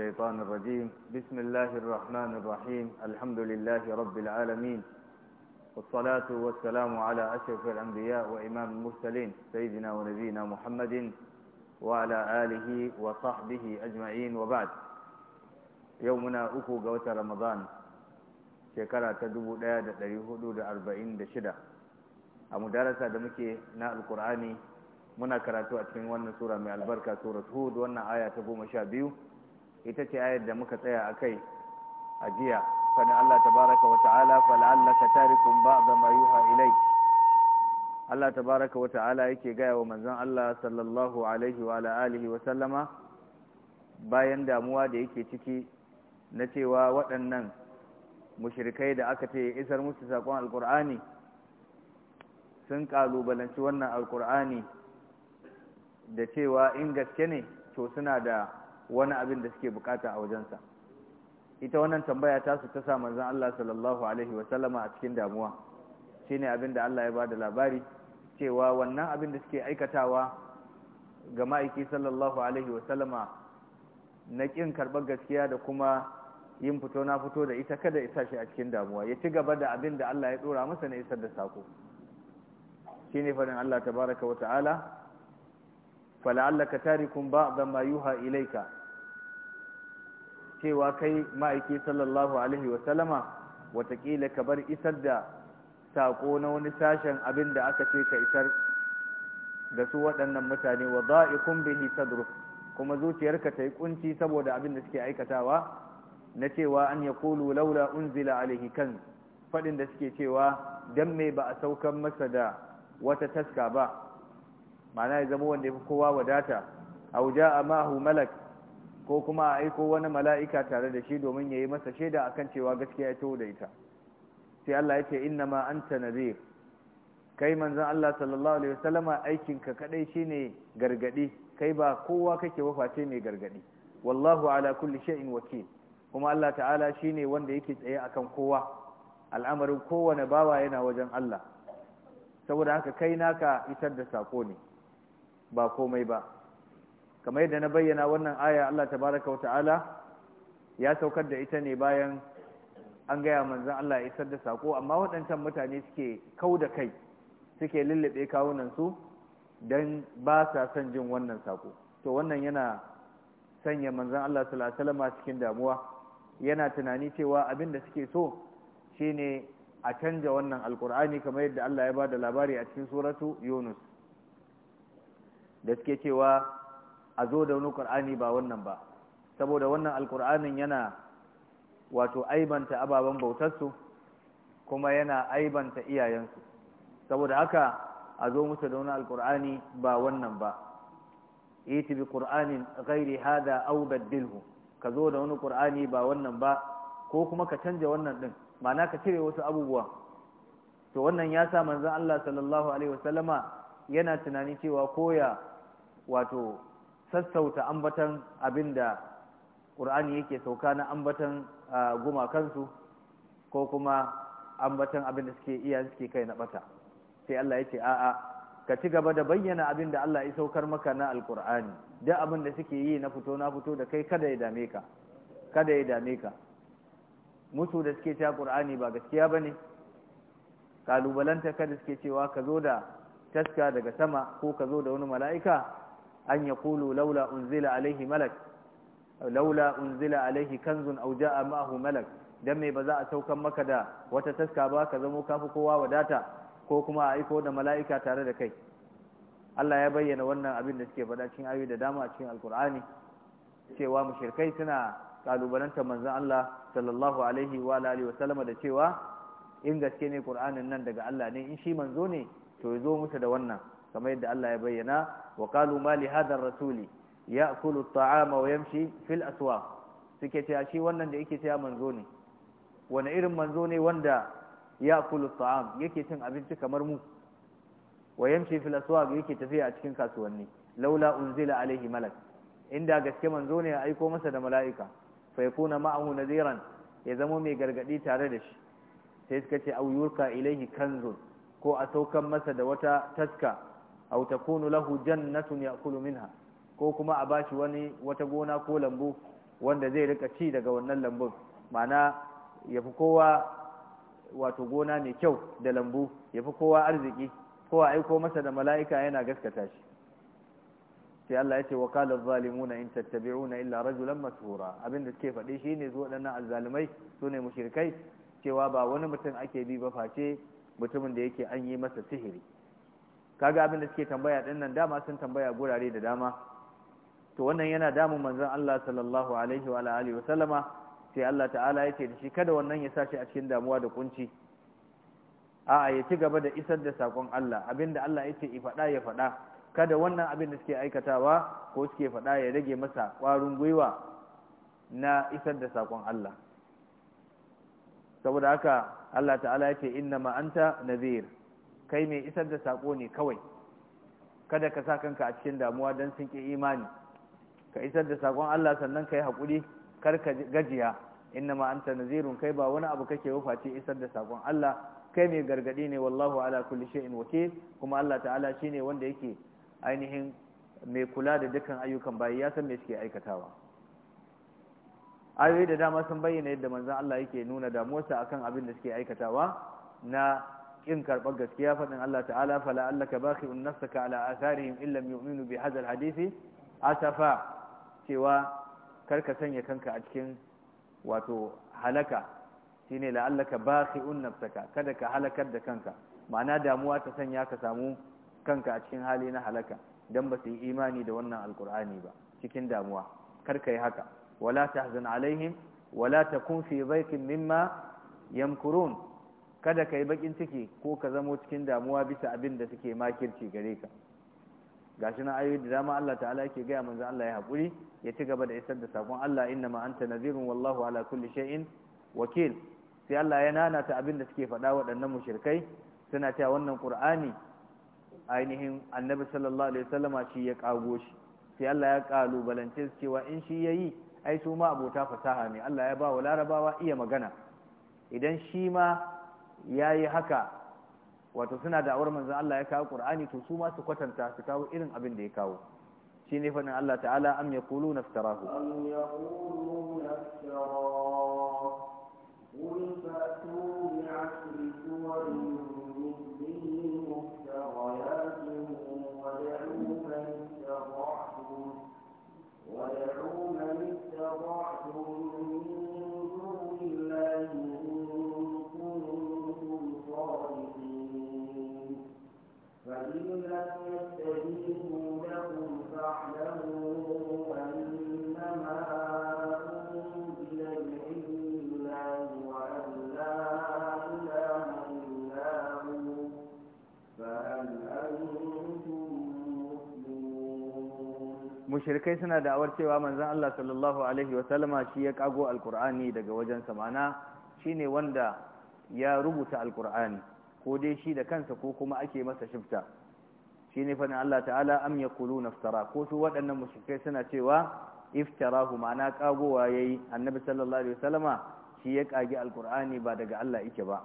الشيطان الرجيم بسم الله الرحمن الرحيم الحمد لله رب العالمين والصلاة والسلام على أشرف الأنبياء وإمام المرسلين سيدنا ونبينا محمد وعلى آله وصحبه أجمعين وبعد يومنا أكو قوت رمضان شكرا تدبو لا دقري حدود أربعين دشدة أمدارسة دمكي ناء القرآن muna karatu a cikin wannan sura mai albarka surat hud wannan aya ta goma sha biyu ita ce ayar da muka tsaya a kai a jiya fadin Allah tabaraka wa ta'ala fal'allaka tarikun ba'da ma yuha ilai Allah tabaraka wa ta'ala yake gaya wa manzan Allah sallallahu alaihi wa alihi wa sallama bayan damuwa da yake ciki na cewa waɗannan mushirikai da aka ce isar musu saƙon alƙur'ani sun ƙalubalanci wannan alƙur'ani da cewa in gaske ne to suna da wani abin da suke bukata a wajensa ita wannan tambaya ta su ta sa manzon Allah sallallahu alaihi wa sallama a cikin damuwa shine abin da Allah ya bada labari cewa wannan abin da suke aikatawa ga ma'aiki sallallahu alaihi wa sallama na kin karɓar gaskiya da kuma yin fito na fito da ita kada isa shi a cikin damuwa ya ci gaba da abin da Allah ya dora masa na isar da sako shine faɗin Allah tabaraka wa ta'ala fala'allaka tarikun ba ma yuha ilayka cewa kai ma'aiki sallallahu alaihi wa wasallama watakila ka bar isar da sako na wani sashen abin da aka ce ka isar da su waɗannan mutane wa za'ikun bihi sadru kuma zuciyarka ta yi kunci saboda abin da suke aikatawa na cewa an ya kulu laula unzila alaihi kan faɗin da suke cewa dan me ba a saukan masa da wata taska ba ma'ana ya zama wanda ya fi kowa wadata a wuja a mahu malak ko kuma a aiko wani mala'ika tare da shi domin ya yi masa shaida akan cewa gaskiya ya tawo da ita sai Allah ya ce inna ma anta nadhir kai manzan Allah sallallahu alaihi wasallama aikin ka kadai shine gargadi kai ba kowa kake wafate mai gargadi wallahu ala kulli sha'in wakil kuma Allah ta'ala shine wanda yake tsaye akan kowa al'amarin kowane bawa yana wajen Allah saboda haka kai naka isar da sako ne ba komai ba kamar yadda na bayyana wannan aya Allah ta wata'ala ya saukar da ita ne bayan an gaya manzan Allah ya isar da sako amma waɗancan mutane suke kau da kai suke lullube kawunansu don ba sa son jin wannan sako to wannan yana sanya manzan Allah salama cikin damuwa yana tunani cewa abin da suke so shine a canja wannan alkur'ani kamar yadda Allah ya ba da labari a cikin suratu yunus da suke cewa a zo da wani qur'ani ba wannan ba saboda wannan Alƙur'anin yana wato aibanta ababen bautarsu kuma yana aibanta iyayensu saboda haka a zo musu da wani Alƙur'ani ba wannan ba iti bi qur'anin ghairi hada aw baddilhu ka zo da wani ƙur'ani ba wannan ba ko kuma ka canja wannan din ma'ana ka cire wasu abubuwa to wannan ya sa manzon Allah sallallahu alaihi wasallama yana tunanin cewa koya wato sassauta ambatan abin da ƙur'ani yake sauka na ambatan gumakansu ko kuma ambatan abin da suke iya suke kai na bata sai Allah ya ce a'a ka ci gaba da bayyana abin da Allah ya saukar maka na alƙur'ani da abin da suke yi na fito na fito da kai kada ya dame ka kada ya dame ka musu da suke cewa ƙur'ani ba gaskiya ba ne kalubalanta kada suke cewa ka zo da taska daga sama ko ka zo da wani mala'ika an ya Kulu, laula unzila alaihi malak laula unzila alaihi kanzun aw jaa ma'ahu malak dan me ba za a saukan maka da wata taska ba ka zamo kafi kowa wadata ko kuma a aiko da mala'ika tare da kai Allah ya bayyana wannan abin da suke faɗa cikin ayoyi da dama a cikin alkur'ani cewa mushrikai suna kalubalantar manzon Allah sallallahu alaihi wa alihi wa sallama da cewa in gaske ne qur'anin nan daga Allah ne in shi manzo ne to ya zo musu da wannan kamar yadda Allah ya bayyana wa qalu ma li hadha ar-rasuli ya'kulu at-ta'ama wa yamshi fil aswaq suke cewa shi wannan da yake cewa manzo ne wani irin manzo ne wanda ya'kulu at-ta'am yake cin abinci kamar mu wa yamshi fil aswaq yake tafiya a cikin kasuwanni laula unzila alaihi malak inda gaske manzo ne ya aiko masa da mala'ika fa yakuna ma'ahu nadiran ya zama mai gargadi tare da shi sai suka ce au yurka ilaihi kanzun ko a saukan masa da wata taska aw takunu lahu jannatun ya'kulu minha ko kuma a bashi wani wata gona ko lambu wanda zai rika ci daga wannan lambun ma'ana yafi kowa wato gona mai kyau da lambu yafi kowa arziki a aiko masa da mala'ika yana gaskata shi sai Allah ya ce wa qala adh-dhalimuna in tattabi'una illa rajulan mashhura abinda suke faɗi shine su waɗannan azzalumai sune mushrikai cewa ba wani mutum ake bi ba face mutumin da yake an yi masa sihiri kaga abin da suke tambaya din nan dama sun tambaya gurare da dama to wannan yana damun manzon Allah sallallahu alaihi wa alihi wa sallama sai Allah ta'ala yake da shi kada wannan ya sashi a cikin damuwa da kunci a'a ya ci gaba da isar da sakon Allah abinda Allah yake i faɗa ya faɗa kada wannan abin da suke aikatawa ko suke faɗa ya rage masa ƙwarin gwiwa na isar da sakon Allah saboda haka Allah ta'ala yake inna ma anta nadhir kai mai isar da sako ne kawai kada ka sa kanka a cikin damuwa don sun ƙi imani ka isar da sakon Allah sannan ka yi haƙuri kar ka gajiya inna ma anta nazirun kai ba wani abu kake wufaci isar da sakon Allah kai mai gargadi ne wallahu ala kulli shay'in wakil kuma Allah ta'ala shine wanda yake ainihin mai kula da dukkan ayyukan bayi ya san me suke aikatawa ayoyi da dama sun bayyana yadda manzon Allah yake nuna damuwarsa akan abin da suke aikatawa na kin karɓar gaskiya faɗin Allah ta'ala fala allaka bakhi'un nafsaka ala atharihim illam yu'minu bi hadha alhadisi asafa cewa karka sanya kanka a cikin wato halaka shine la'allaka bakhi'un nafsaka kada ka halakar da kanka ma'ana damuwa ta sanya ka samu kanka a cikin hali na halaka dan ba su yi imani da wannan alkur'ani ba cikin damuwa karka yi haka wala tahzan alaihim wala takun fi dhayqin mimma yamkurun kada ka yi bakin ciki ko ka zamo cikin damuwa bisa abin da suke makirci gare ka gashi na ayoyi da dama Allah ta'ala yake gaya manzo Allah ya haƙuri ya ci gaba da isar da sakon Allah inna ma anta nazirun wallahu ala kulli shay'in wakil sai Allah ya ta abin da suke faɗa waɗannan mushrikai suna cewa wannan Qur'ani ainihin Annabi sallallahu alaihi wasallama shi ya kago shi sai Allah ya kalubalance su cewa in shi yayi ai su ma abota fasaha ne Allah ya ba wa larabawa iya magana idan shi ma ya yi haka wato suna da awar manzan Allah ya kawo ƙur'ani to su masu kwatanta su kawo irin abin da ya kawo shi ne faɗin Allah ta'ala am ya kulu na ku am ya kulu na mushrikai suna da'awar cewa manzon Allah sallallahu alaihi wa shi ya kago al'kur'ani daga wajen sa ma'ana ne wanda ya rubuta alkur'ani ko dai shi da kansa ko kuma ake masa shifta shi ne fadin Allah ta'ala am ya kulu naftara ko su waɗannan mushrikai suna cewa iftarahu ma'ana kagowa yi annabi sallallahu alaihi wa shi ya kage al'kur'ani ba daga Allah yake ba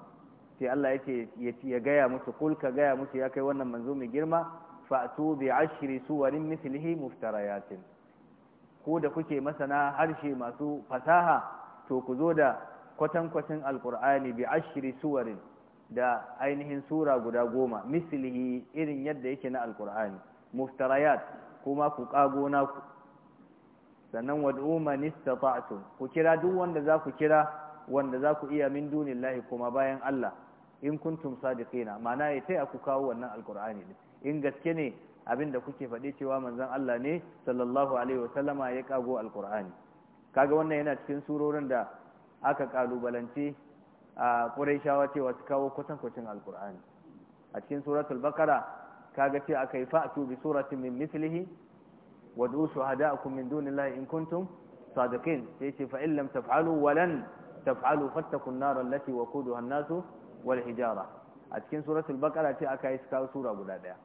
sai Allah ce ya gaya musu kul ka gaya musu ya kai wannan manzo mai girma fa'tu bi ashri suwarin mislihi muftariyatin ko da kuke masana harshe masu fasaha to ku zo da kwatankwacin alqur'ani bi ashri suwarin da ainihin sura guda goma mislihi irin yadda yake na alqur'ani Muftarayat, kuma ku kago ku, sannan wad'u man istata'tum ku kira duk wanda za ku kira wanda za ku iya min dunillahi kuma bayan Allah in kuntum sadiqina ma'ana ya taya ku kawo wannan alqur'ani din in gaske ne abin da kuke faɗi cewa manzan Allah ne sallallahu alaihi wasallama ya kago alkur'ani kaga wannan yana cikin surorin da aka kalubalance a quraishawa cewa su kawo kwatankwacin alkur'ani a cikin suratul bakara kaga ce aka yi fa'tu bi suratin min mithlihi hada a min dunillahi in kuntum Sadakin sai ce fa lam taf'alu walan taf'alu fattakun nar allati waquduha an-nasu wal hijara a cikin suratul bakara ce aka yi su kawo sura guda daya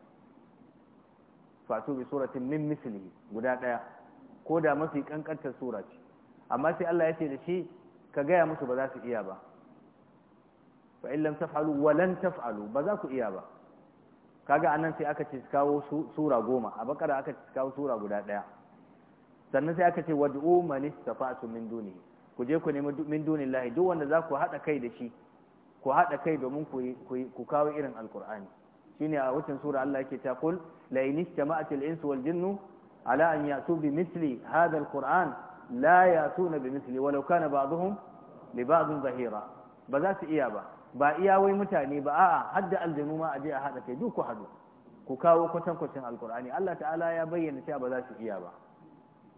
fatu bi suratin min mislihi guda daya ko da mafi kankantar sura ce amma sai Allah ya ce da shi ka gaya musu ba za su iya ba fa in lam taf'alu wa lan taf'alu ba za ku iya ba kaga anan sai aka ce kawo sura goma a bakara aka ce kawo sura guda daya sannan sai aka ce wad'u man istafa'tu min duni ku je ku nemi min lahi duk wanda za ku hada kai da shi ku hada kai domin ku ku kawo irin alqur'ani shine a wacin sura Allah yake ta kul la in istama'at insu wal jinnu ala an ya'tu bi misli hadha al qur'an la ya'tuna bi misli walau kana ba'dhum li ba'dhin zahira ba za su iya ba ba iya wai mutane ba a'a hadda aljanu ma aje a hada kai duk ku hadu ku kawo kwatankwacin alkur'ani Allah ta'ala ya bayyana cewa ba za su iya ba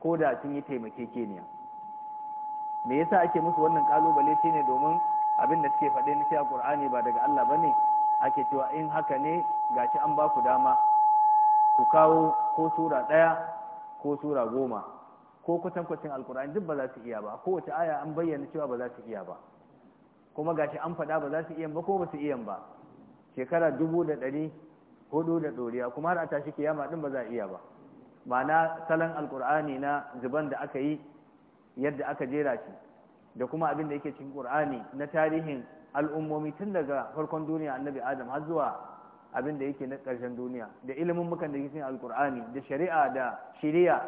ko da sun yi taimakekeniya me yasa ake musu wannan kalubale shine domin abin da suke faɗe na cewa qur'ani ba daga Allah bane ake cewa in haka ne gashi an baku dama ku kawo ko sura ɗaya ko sura goma ko kusan alkur'ani duk ba za su iya ba kowace aya an bayyana cewa ba za su iya ba kuma gashi an faɗa ba za su iya ba ko ba su iya ba shekara dubu da ɗari hudu da ɗoriya kuma har a tashi kiyama ɗin ba za a iya ba ma'ana salon alkur'ani na zuban da aka yi yadda aka jera shi da kuma abin da yake cikin ƙur'ani na tarihin al'ummomi tun daga farkon duniya annabi adam har zuwa abin da yake na ƙarshen duniya da ilimin mukan da yake alkur'ani da shari'a da shiriya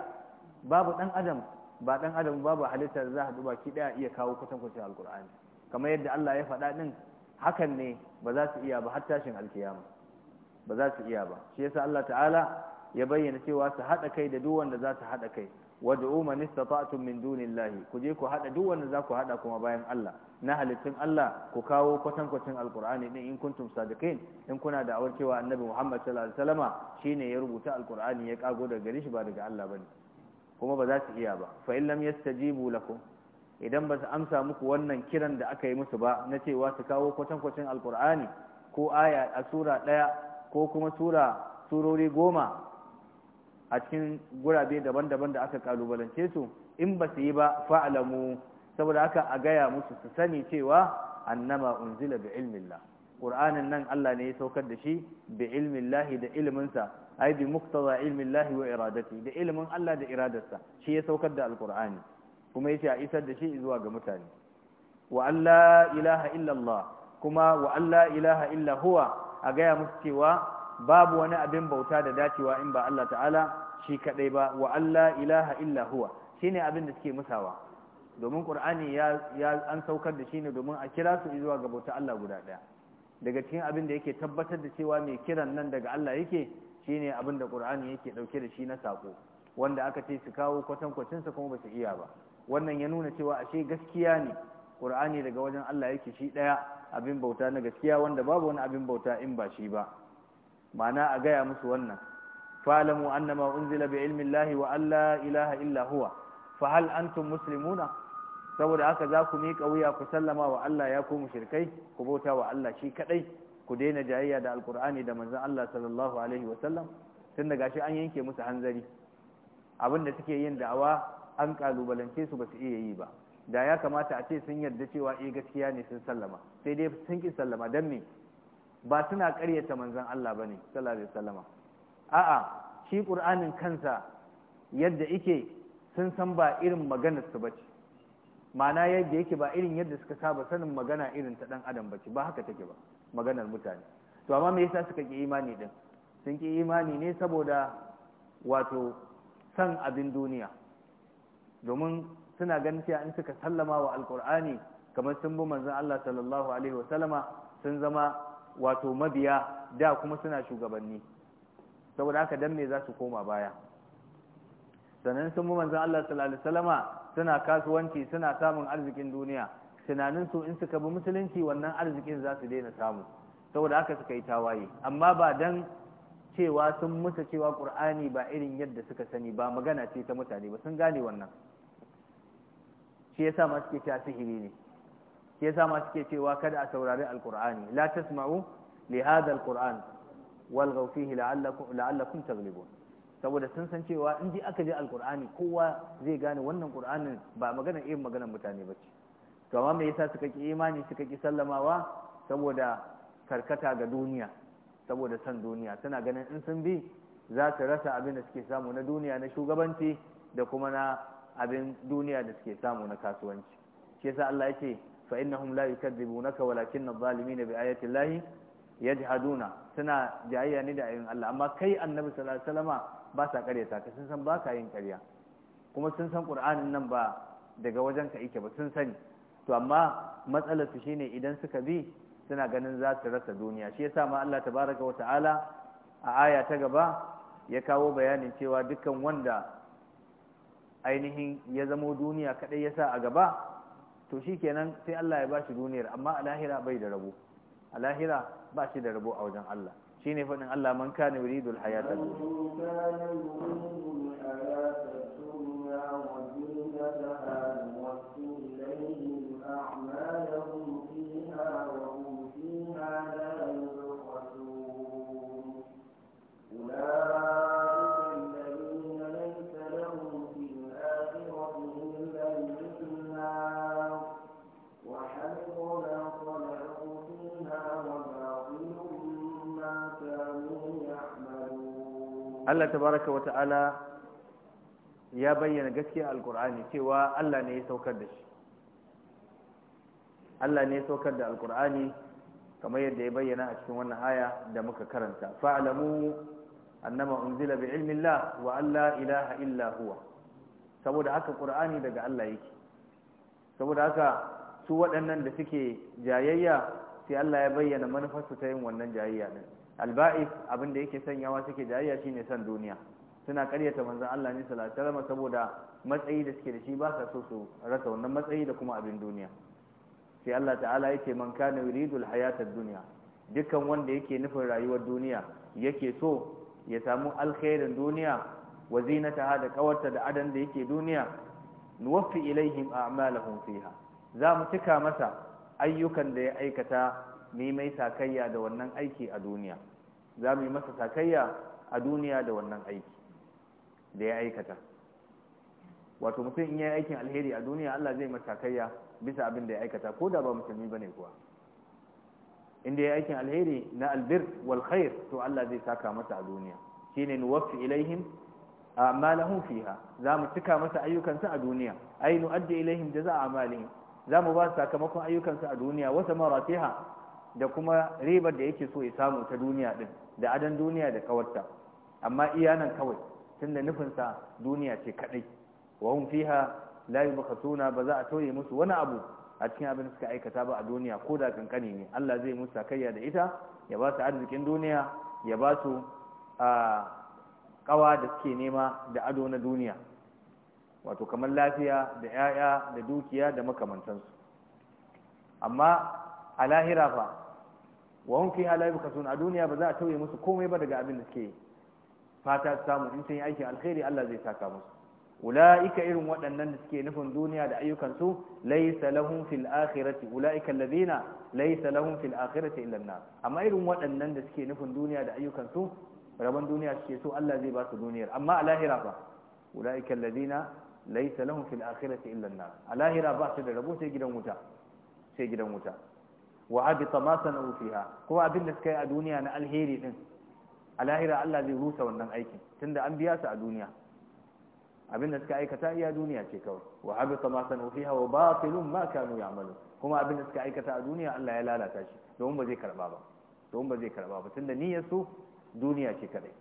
babu ɗan adam ba ɗan adam babu halittar za a duba ki ɗaya iya kawo kusan kusan alkur'ani kamar yadda Allah ya faɗa ɗin hakan ne ba za su iya ba har tashin alkiyama ba za su iya ba shi yasa Allah ta'ala ya bayyana cewa su haɗa kai da duk wanda za su haɗa kai wad'u man istata'tum min dunillahi ku je ku hada duk wanda za ku hada kuma bayan Allah na halittun Allah ku kawo kwatan kwatan alqur'ani din in kuntum sadiqin in kuna da awar cewa annabi Muhammad sallallahu alaihi wasallama shine ya rubuta alqur'ani ya kago daga gare shi ba daga Allah bane kuma ba za su iya ba fa in lam yastajibu lakum idan ba su amsa muku wannan kiran da aka yi musu ba na cewa su kawo kwatan kwatan alqur'ani ko aya a sura daya ko kuma sura surori goma a cikin gurabe daban-daban da aka kalubalance su in ba su yi ba fa'alamu saboda haka a gaya musu su sani cewa annama unzila bi ilmillah ƙur'anin nan Allah ne ya saukar da shi bi ilmillah da ilminsa ai bi muqtada ilmillah wa iradati da ilimin Allah da iradarsa shi ya saukar da alƙur'ani kuma yace a isar da shi zuwa ga mutane wa ilaha illallah kuma wa alla ilaha illa huwa a gaya musu cewa babu wani abin bauta da dacewa in ba Allah ta'ala shi kadai ba wa Allah ilaha illa huwa shine abin da suke musawa domin qur'ani ya an saukar da shi ne domin a kira su zuwa ga bauta Allah guda daya daga cikin abin da yake tabbatar da cewa mai kiran nan daga Allah yake shine abin da qur'ani yake dauke da shi na sako wanda aka ce su kawo kwatin sa kuma ba su iya ba wannan ya nuna cewa ashe gaskiya ne qur'ani daga wajen Allah yake shi daya abin bauta na gaskiya wanda babu wani abin bauta in ba shi ba ma'ana a gaya musu wannan fa'lamu annama unzila bi ilmi llahi wa alla ilaha illa huwa fa hal antum muslimuna saboda haka za ku miƙa wuya ku sallama wa Allah ya ku mushrikai ku bauta wa Allah shi kadai ku daina jayayya da alqur'ani da manzon Allah sallallahu alaihi wa sallam tun da gashi an yanke musu hanzari abin da suke yin da'awa an kalubalance su ba su iya yi ba da ya kamata a ce sun yarda cewa eh gaskiya ne sun sallama sai dai sun ki sallama dan me ba suna ƙaryata manzon Allah ne, sallallahu alaihi salama. a'a shi ƙur'anin kansa yadda ike sun san ba irin maganar su bace ma'ana yadda yake ba irin yadda suka saba sanin magana irin ta ɗan adam bace ba haka take ba maganar mutane to amma me yasa suka ƙi imani ɗin sun ƙi imani ne saboda wato san abin duniya domin suna ganin cewa in suka sallama wa alkur'ani kamar sun bi manzon Allah sallallahu alaihi sun zama wato mabiya da kuma suna shugabanni saboda haka dan me za su koma baya sannan sun mu Allah sallallahu alaihi wasallama suna kasuwanci suna samun arzikin duniya tunanin su in suka bi musulunci wannan arzikin za su daina samu saboda haka suka yi tawaye amma ba dan cewa sun musa cewa qur'ani ba irin yadda suka sani ba magana ce ta mutane ba sun gane wannan shi yasa ma suke cewa sihiri ne shi yasa ma suke cewa kada a saurari alqur'ani la tasma'u li hadha alqur'an wal fihi la'allakum taghlibun saboda sun san cewa in ji aka ji alqur'ani kowa zai gane wannan qur'anin ba magana irin maganar mutane ba ce to amma me yasa suka ki imani suka ki sallamawa saboda karkata ga duniya saboda san duniya suna ganin in sun bi za su rasa abin da suke samu na duniya na shugabanci da kuma na abin duniya da suke samu na kasuwanci shi yasa Allah yake fa innahum la yukadzibunaka walakinna adh na bi ayati llahi yajhaduna suna jayayya ne da ayoyin Allah amma kai annabi sallallahu alaihi wasallama ba sa ƙaryata ka sun san ba ka yin ƙarya kuma sun san qur'anin nan ba daga wajen ka yake ba sun sani to amma matsalar su shine idan suka bi suna ganin za su rasa duniya shi yasa ma Allah wa ta'ala a aya ta gaba ya kawo bayanin cewa dukkan wanda ainihin ya zamo duniya kadai ya sa a gaba to kenan sai Allah ya bashi duniyar amma a lahira bai da rabo a lahira ba shi da rabo a wajen Allah shine ne faɗin Allah man kana yuridul hayatar man Allah tabaraka wa ta'ala ya bayyana gaskiya alkur'ani cewa Allah ne ya saukar da shi Allah ne ya saukar da alkur'ani kamar yadda ya bayyana a cikin wannan aya da muka karanta fa'lamu annama unzila bi ilmillah wa Allah ilaha illa huwa saboda haka qur'ani daga Allah yake saboda haka su waɗannan da suke jayayya sai Allah ya bayyana manufarsu ta yin wannan jayayya din alba'is abin da yake sanyawa suke jariya shine san duniya suna karyata manzon Allah ne sallallahu alaihi wasallam saboda matsayi da suke da shi ba sa so su rasa wannan matsayi da kuma abin duniya sai Allah ta'ala yake man kana yuridu alhayata ad-dunya dukkan wanda yake nufin rayuwar duniya yake so ya samu alkhairin duniya wa zinataha da kawarta da adan da yake duniya nuwaffi ilaihim a'malahum fiha za mu cika masa ayyukan da ya aikata mu mai sakayya da wannan aiki a duniya za mu yi masa sakayya a duniya da wannan aiki da ya aikata wato mutum in yi aikin alheri a duniya Allah zai masa sakayya bisa abin da ya aikata ko da ba musulmi bane kuwa inda ya aikin alheri na albir wal khair to Allah zai saka masa a duniya shine nuwaffi ilaihim a'malahum fiha za mu cika masa ayyukansa a duniya ay nu'addi ilaihim jazaa'a amalihim za mu ba su sakamakon ayyukansa a duniya wata maratiha da kuma ribar da yake so ya samu ta duniya din da adan duniya da kawarta amma iya nan kawai tunda nufinsa duniya ce kadai wa hum fiha la yubkhasuna ba za a tauye musu wani abu a cikin abin suka aikata ba a duniya ko da kankani ne Allah zai musu sakayya da ita ya ba su arzikin duniya ya ba su a kawa da suke nema da ado na duniya wato kamar lafiya da 'ya'ya da dukiya da makamantansu amma a lahira fa wa hum fiha la yubkhasun a duniya ba za a tauye musu komai ba daga abin da suke fata su samu in sun yi aikin alkhairi Allah zai saka musu ulaika irin waɗannan da suke nufin duniya da ayyukan su laysa lahum fil akhirati ulaika alladhina laysa lahum fil akhirati illa an amma irin waɗannan da suke nufin duniya da ayyukan su rabon duniya suke so Allah zai ba su duniyar amma a lahira fa ulaika alladhina laysa lahum fil akhirati illa an a lahira ba su da rabo sai gidan wuta sai gidan wuta wa habita ma sana'u fiha Kuma abin da suka yi a duniya na alheri din a lahira Allah zai rusa wannan aikin tunda an biya su a duniya abin da suka aikata iya duniya ce kawai wa habita ma sana'u fiha wa batilun ma kanu ya'malu kuma abin da suka aikata a duniya Allah ya lalata shi domin ba zai karba ba domin ba zai karba ba tunda niyyar su duniya ce kadai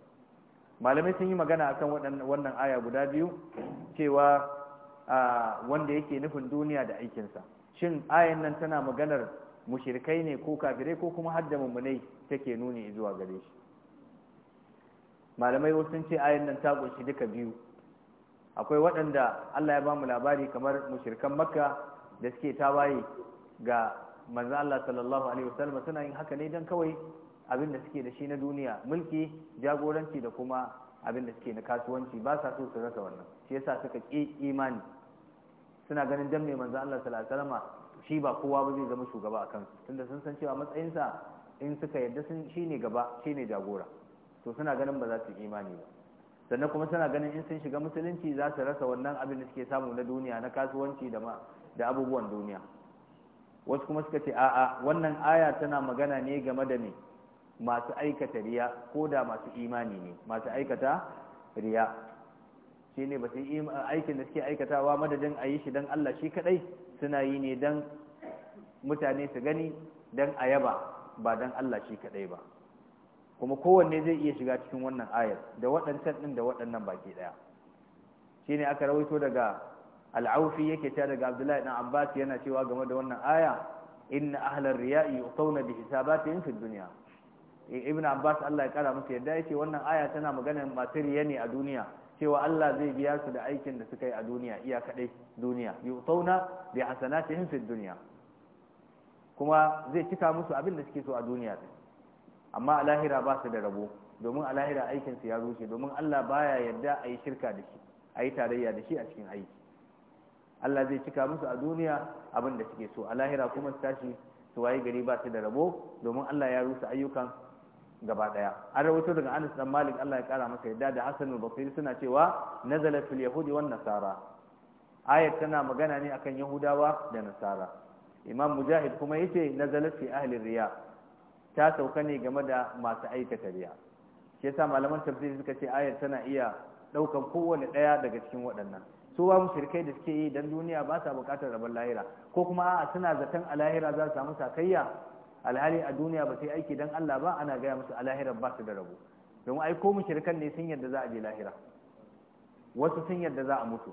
malamai sun yi magana akan wannan aya guda biyu cewa wanda yake nufin duniya da aikinsa shin ayan nan tana maganar mushirkai ne ko kafirai ko kuma hadda mummunai take nuni zuwa gare shi malamai wasu sun ce ayan nan ta kunshi duka biyu akwai waɗanda Allah ya ba mu labari kamar mushirkan makka da suke tawaye ga manzo Allah sallallahu alaihi wasallam suna yin haka ne dan kawai abin da suke da shi na duniya mulki jagoranci da kuma abin da suke na kasuwanci ba sa so su rasa wannan shi yasa suka ki imani suna ganin dan mai manzo Allah sallallahu alaihi wasallam shi ba kowa ba zai zama shugaba a kansu tunda sun san cewa matsayinsa in suka yadda sun shi ne gaba shi ne jagora to suna ganin ba za su imani ba sannan kuma suna ganin in sun shiga musulunci za su rasa wannan abin da suke samu na duniya na kasuwanci da da abubuwan duniya wasu kuma suka ce a'a wannan aya tana magana ne game da me masu aikata riya ko da masu imani ne masu aikata riya shine ba su aikin da suke aikatawa madadin a yi shi don Allah shi kadai suna yi ne don mutane su gani don ayaba ba don Allah shi kaɗai ba kuma kowanne zai iya shiga cikin wannan ayar da waɗancan ɗin da waɗannan baki ɗaya shi ne aka rawaito daga al'aufi yake cewa daga abdullahi ɗan abbas yana cewa game da wannan aya na ahalar riya'i yuqtawna bi yin fid duniya ibn abbas Allah ya kara masa yadda yake wannan aya tana magana masu riya ne a duniya cewa Allah zai biya su da aikin da suka yi a duniya iya kadai duniya yu'tauna bi hasanatihim fi dunya kuma zai cika musu abin da suke so a duniya din amma a lahira ba su da rabo domin a lahira aikin su ya rushe domin Allah baya yadda a yi shirka da shi a yi tarayya da shi a cikin aiki Allah zai cika musu a duniya abin da suke so a lahira kuma su tashi su waye gari ba su da rabo domin Allah ya rusa ayyukan gaba daya an rawaito daga Anas dan Malik Allah ya kara masa yadda da Hassan al-Basri suna cewa nazala fil yahudi wan nasara ayat tana magana ne akan yahudawa da nasara Imam Mujahid kuma yace nazala fi ahli riya ta sauka ne game da masu aikata riya shi yasa malaman tafsiri suka ce ayat tana iya daukan kowane daya daga cikin waɗannan su ba mushrikai da suke yi dan duniya ba sa bukatar rabon lahira ko kuma a'a suna zaton a lahira za su samu sakayya alhali a duniya ba sai aiki dan Allah ba ana gaya musu alahirar ba su da rabo don ai ko mushrikan ne sun yadda za a je lahira wasu sun yadda za a mutu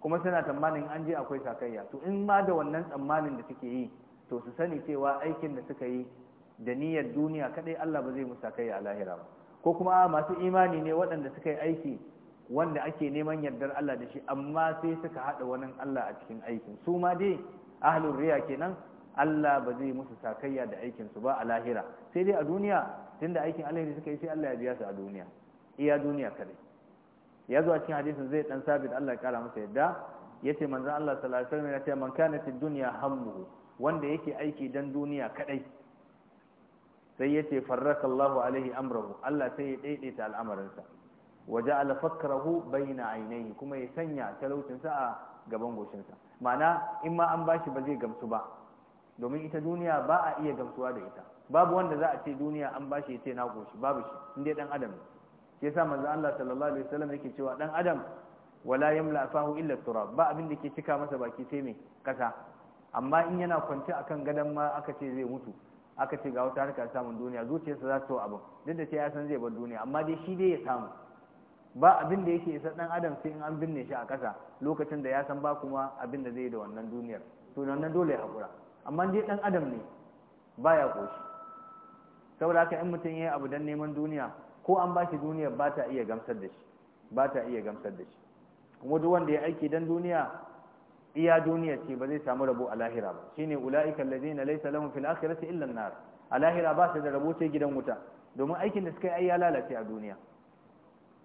kuma suna tsammanin an je akwai sakayya to in ma da wannan tsammanin da suke yi to su sani cewa aikin da suka yi da niyyar duniya kadai Allah ba zai musu sakayya a lahira ba ko kuma masu imani ne waɗanda suka yi aiki wanda ake neman yardar Allah da shi amma sai suka haɗa wani Allah a cikin aikin su ma dai ahlul riya kenan Allah ba zai musu takayya da aikinsu ba a lahira sai dai a duniya da aikin alheri suka yi sai Allah ya biya su a duniya iya duniya kadai ya zo a cikin hadisin zai dan sabit Allah ya kara masa yadda ya ce manzan Allah sallallahu alaihi wasallam ya ce man kana fi dunya hammuhu wanda yake aiki dan duniya kadai sai yace farraka Allah alaihi amrahu Allah sai ya daidaita al'amarinsa wa ja'ala fakrahu bayna ainihi kuma ya sanya talautinsa a gaban goshinsa ma'ana in ma an bashi ba zai gamsu ba domin ita duniya ba a iya gamsuwa da ita babu wanda za a ce duniya an bashi ya ce na goshi babu shi inda dan adam ke sa manzo Allah sallallahu alaihi wasallam yake cewa dan adam wala yamla fahu illa turab ba abin da ke cika masa baki sai mai kasa amma in yana kwance akan gadan ma aka ce zai mutu aka ce ga wata harka samun duniya zuciyarsa za ta abin duk da ce san zai bar duniya amma dai shi dai ya samu ba abin da yake isa dan adam sai in an binne shi a kasa lokacin da ya san ba kuma abin da zai yi da wannan duniyar to wannan dole ya hakura amma dai dan adam ne baya koshi saboda haka in mutum yayi abu dan neman duniya ko an bashi duniya duniyar ba ta iya gamsar da shi ba ta iya gamsar da shi kuma duk wanda ya aiki dan duniya iya duniya ce ba zai samu rabo a lahira ba shine ulaika allazina laysa lahum fil akhirati illa an-nar a lahira ba su da rabo sai gidan wuta domin aikin da suka yi ya lalace a duniya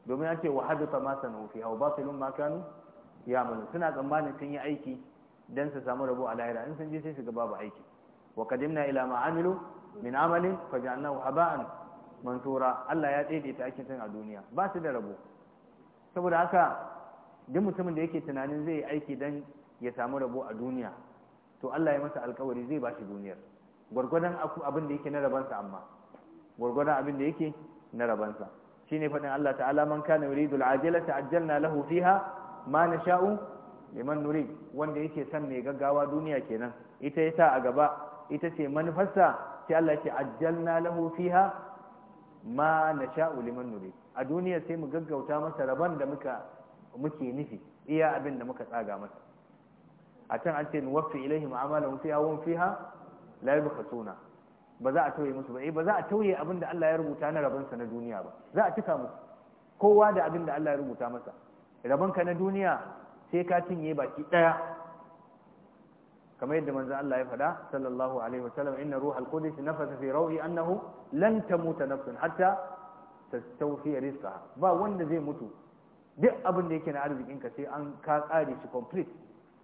domin an ce wa hadatha ma sanu fi aw batilun ma kanu suna tsammanin sun yi aiki dan su samu rabo a lahira in sun je sai su ga babu aiki wa qadimna ila ma amilu min amalin faj'alnahu haba'an mansura Allah ya ta aikin sun a duniya ba su da rabo saboda haka duk mutumin da yake tunanin zai aiki dan ya samu rabo a duniya to Allah ya masa alkawari zai ba shi duniyar gurgurdan abin da yake na rabansa amma gurgurdan abin da yake na rabansa shine faɗin Allah ta'ala man kana yuridu al'ajilata ajjalna lahu fiha ma nasha'u liman nuri wanda yake son mai gaggawa duniya kenan ita ya sa a gaba ita ce manufarsa sai Allah ce ajjalna lahu fiha ma nasha'u liman nuri a duniya sai mu gaggauta masa rabon da muka muke nufi iya abin da muka tsaga masa a can an ce mu nuwaffi ilaihim amalahum fiha wa fiha la yubkhasuna ba za a tauye musu ba eh ba za a tauye abin da Allah ya rubuta na rabonsa na duniya ba za a cika musu kowa da abin da Allah ya rubuta masa ka na duniya sai ka cinye baki daya kamar yadda manzo Allah ya faɗa sallallahu alaihi wasallam inna ruhal qudus nafasa fi ruhi annahu lan tamuta nafsun hatta tastawfi rizqaha ba wanda zai mutu duk abin da yake na arzikin ka sai an ka kare shi complete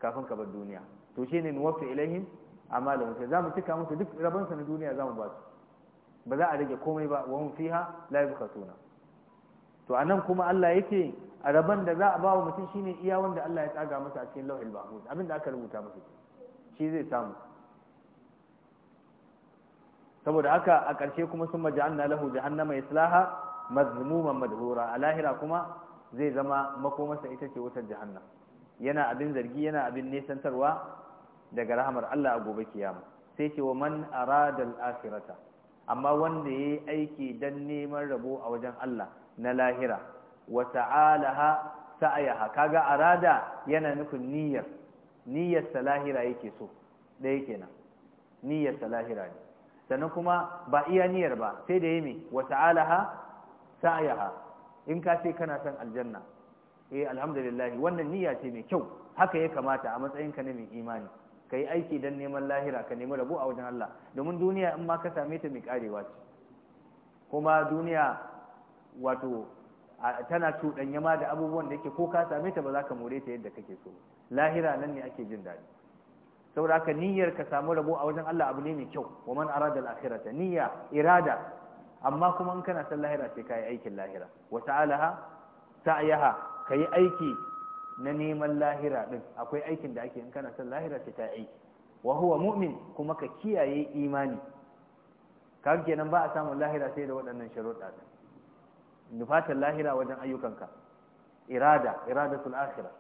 kafin ka bar duniya to shine nuwaffi ilaihim amalahum sai zamu tuka musu duk sa na duniya zamu ba su ba za a rage komai ba wa hum fiha la yubkhasuna to anan kuma Allah yake a rabon da za a ba wa mutum shine iya wanda Allah ya tsaga masa a cikin lauhil mahmud abin da aka rubuta masa shi zai samu saboda haka a karshe kuma sun maja'anna lahu jahannama yaslaha mazmuman madhura a lahira kuma zai zama makomarsa ita ce wutar jahannam yana abin zargi yana abin nesantarwa daga rahamar Allah a gobe kiyama sai ce wa man arada al-akhirata amma wanda yayi aiki dan neman rabo a wajen Allah na lahira wa ta'alaha sa'ayaha kaga arada yana nufin niyyar niyyar salahira yake so ɗaya kenan niyyar salahira ne sannan kuma ba iya niyyar ba sai da yimi wa sa'ayaha in ka ce kana son aljanna eh alhamdulillah wannan niyya ce mai kyau haka ya kamata a matsayin ka na mai imani ka yi aiki don neman lahira ka nemi rabo a wajen Allah domin duniya in ma ka same ta mai karewa ce kuma duniya wato tana cuɗanya ma da abubuwan da yake ko ka same ta ba za ka more ta yadda kake so lahira nan ne ake jin daɗi saboda haka niyyar ka samu rabo a wajen Allah abu ne mai kyau wa man arada al-akhirata niyya irada amma kuma in kana san lahira sai kai aikin lahira wa ta'alaha ta'ayaha kai aiki na neman lahira din akwai aikin da ake in kana san lahira sai kai aiki wa huwa mu'min kuma ka kiyaye imani kaga kenan ba a samu lahira sai da waɗannan sharuɗa din nufatan lahira wajen ayyukanka irada iradatul akhirah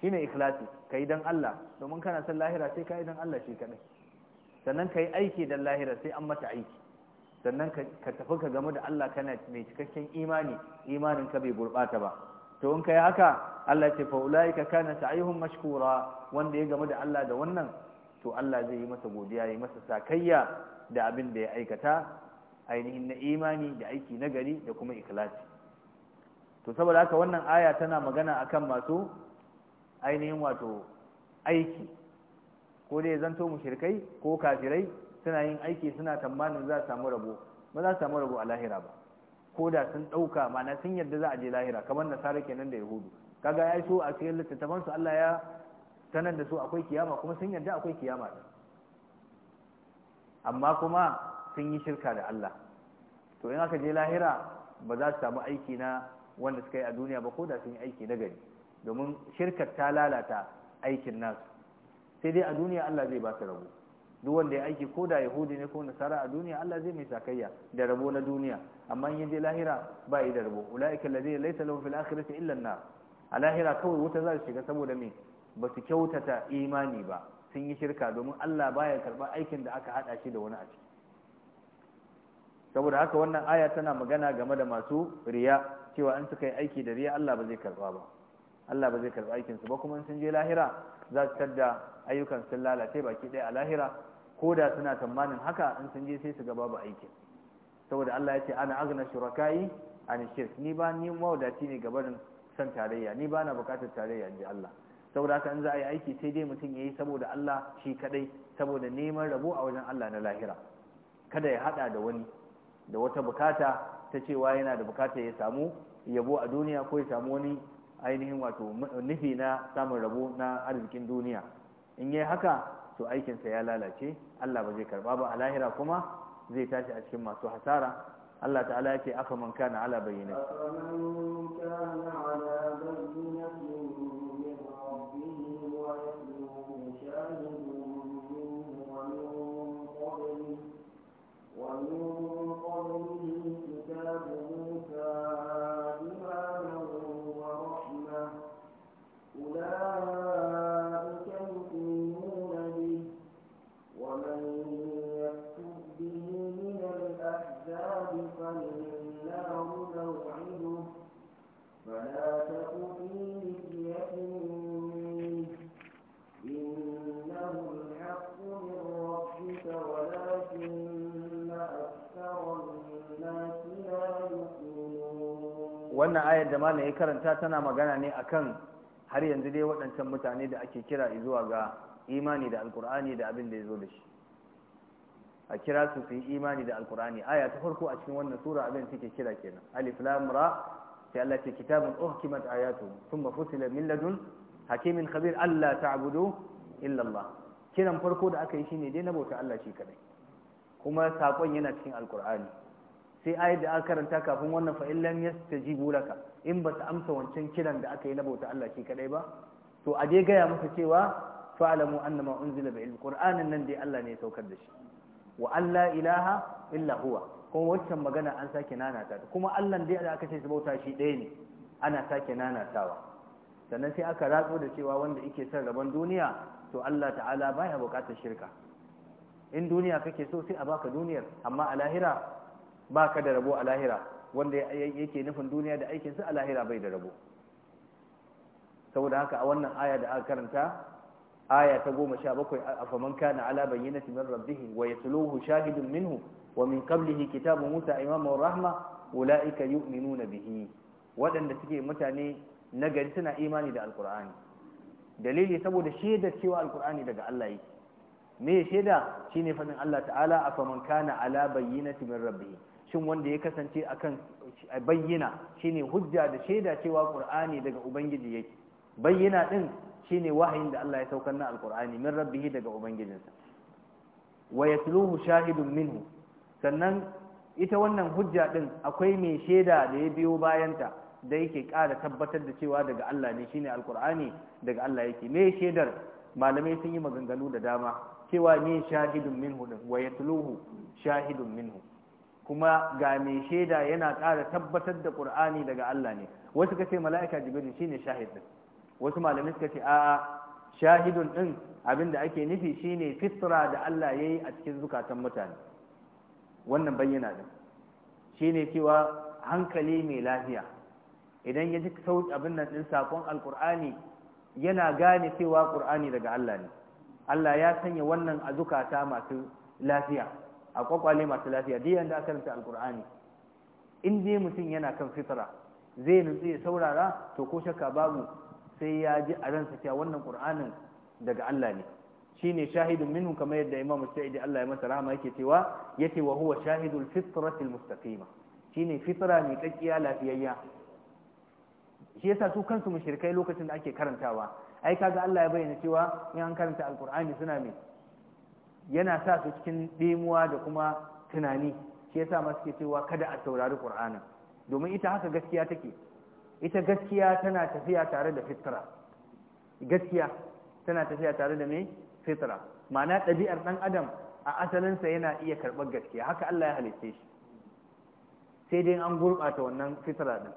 shine ikhlasi kai dan Allah domin kana san lahira sai kai dan Allah shi kadai sannan kai aiki dan lahira sai an mata aiki sannan ka tafi ka game da Allah kana mai cikakken imani imanin ka bai gurbata ba to in kai haka Allah ce fa ulaika kana sa'ihum mashkura wanda ya game da Allah da wannan to Allah zai yi masa godiya yi masa sakayya da abin da ya aikata ainihin na imani da aiki na gari da kuma ikilasi to saboda haka wannan aya tana magana akan masu ainihin wato aiki ko dai zanto mushrikai ko kafirai suna yin aiki suna tambanin za samu rabo ba za samu rabo a lahira ba ko da sun ɗauka mana sun yadda za a je lahira kamar nasara kenan da yahudu kaga ya so a cikin littattafan su Allah ya sanar da su akwai kiyama kuma sun yadda akwai kiyama amma kuma sun yi shirka da Allah to in aka je lahira ba za su samu aiki na wanda suka yi a duniya ba ko da sun yi aiki na gari domin shirkar ta lalata aikin nasu sai dai a duniya Allah zai ba su rabo duk wanda ya aiki ko da yahudi ne ko nasara a duniya Allah zai mai sakayya da rabo na duniya amma in je lahira ba yi da rabo ulaika alladhina laysa lahum fil akhirati illa an-nar a lahira kawai wuta za su shiga saboda me ba su kyautata imani ba sun yi shirka domin Allah baya karba aikin da aka hada shi da wani a ciki saboda haka wannan aya tana magana game da masu riya cewa an suka yi aiki da riya Allah ba zai karba ba Allah ba zai karba aikin su ba kuma sun je lahira za su tadda ayyukan sun lalace baki ɗaya a lahira ko da suna tsammanin haka in sun je sai su ga ba aiki saboda Allah ya ce ana agna shurakai an shirk ni ba ni mawadaci ne gabanin san tarayya ni ba na bukatar tarayya inji Allah saboda haka in za a yi aiki sai dai mutum ya yi saboda Allah shi kadai saboda neman rabo a wajen Allah na lahira kada ya hada da wani da wata bukata ta cewa yana da bukata ya samu yabo a duniya ko ya samu wani ainihin wato nufi na samun rabo na arzikin duniya in yi haka to aikinsa ya lalace Allah ba zai karba ba a lahira kuma zai tashi a cikin masu hasara Allah ta'ala ya ce aka man kana ala bayyana ayar da malam ya karanta tana magana ne akan har yanzu dai waɗancan mutane da ake kira zuwa ga imani da alkur'ani da abin da ya zo da shi a kira su su yi imani da alkur'ani aya ta farko a cikin wannan sura abin take kira kenan alif lam ra sai Allah ce kitabun uhkimat ayatu thumma fusila min ladun hakimin khabir Allah ta illa Allah kiran farko da aka yi shine dai na bauta Allah shi kadai kuma sakon yana cikin alkur'ani sai ayat da aka karanta kafin wannan fa in lam yastajibu laka in ba ta amsa wancan kiran da aka yi na bauta Allah shi kadai ba to a je gaya masa cewa fa'lamu annama unzila bil ilmi qur'anin nan dai Allah ne ya saukar da shi wa alla ilaha illa huwa kuma waccan magana an sake nanata kuma Allah dai da aka ce su bauta shi ɗaya ne ana sake nanatawa sannan sai aka ratso da cewa wanda yake son rabon duniya to Allah ta'ala baya bukatar shirka in duniya kake so sai a baka duniyar amma a lahira ba ka da rabo a lahira wanda yake nufin duniya da aikinsa a lahira bai da rabo saboda haka a wannan aya da aka karanta aya ta goma sha bakwai a faman kana ala min rabbihi wa yatluhu shahidun minhu wa min qablihi kitabu musa imamu rahma ulaika yu'minuna bihi waɗanda suke mutane nagari suna imani da alqur'ani dalili saboda shaidar cewa alqur'ani daga Allah yake me shaida shine fadin Allah ta'ala a faman kana ala min rabbihi shin wanda ya kasance akan bayyana shine hujja da shaida cewa qur'ani daga ubangiji yake bayyana din shine wahayin da Allah ya saukar na alqur'ani min rabbihi daga ubangijinsa wa yatluhu shahidun minhu sannan ita wannan hujja din akwai mai shaida da ya biyo bayanta da yake ƙara tabbatar da cewa daga Allah ne shine alqur'ani daga Allah yake me shaidar malamai sun yi maganganu da dama cewa ne shahidun minhu wa yatluhu shahidun minhu kuma ga mai shaida yana ƙara tabbatar da ƙur'ani daga Allah ne wasu kace mala'ika jibril shine shahid din wasu malamai suka ce a'a shahidun din abin da ake nufi shine fitra da Allah yayi a cikin zukatan mutane wannan bayyana din shine cewa hankali mai lafiya idan ya ji sauki abin nan din sakon alqur'ani yana gane cewa qur'ani daga Allah ne Allah ya sanya wannan a zukata masu lafiya a kwakwale masu lafiya duk yanda aka karanta alkur'ani in dai mutum yana kan fitra zai nutsu ya saurara to ko shakka babu sai ya ji a ransa cewa wannan qur'anin daga Allah ne shine shahidun minhu kamar yadda Imam Sa'idi Allah ya masa rahama yake cewa yace wa huwa shahidul fitrati almustaqima shine fitra mai kakkiya lafiyayya shi yasa su kansu mushrikai lokacin da ake karantawa ai kaga Allah ya bayyana cewa in an karanta alqur'ani suna mai yana sa su cikin ɗemuwa da kuma tunani shi yasa masu ke cewa kada a saurari qur'anin domin ita haka gaskiya take ita gaskiya tana tafiya tare da fitra gaskiya tana tafiya tare da mai fitra ma'ana ɗabi'ar ɗan adam a asalinsa yana iya karɓar gaskiya haka Allah ya halitta shi sai dai an gurɓata wannan fitra ɗin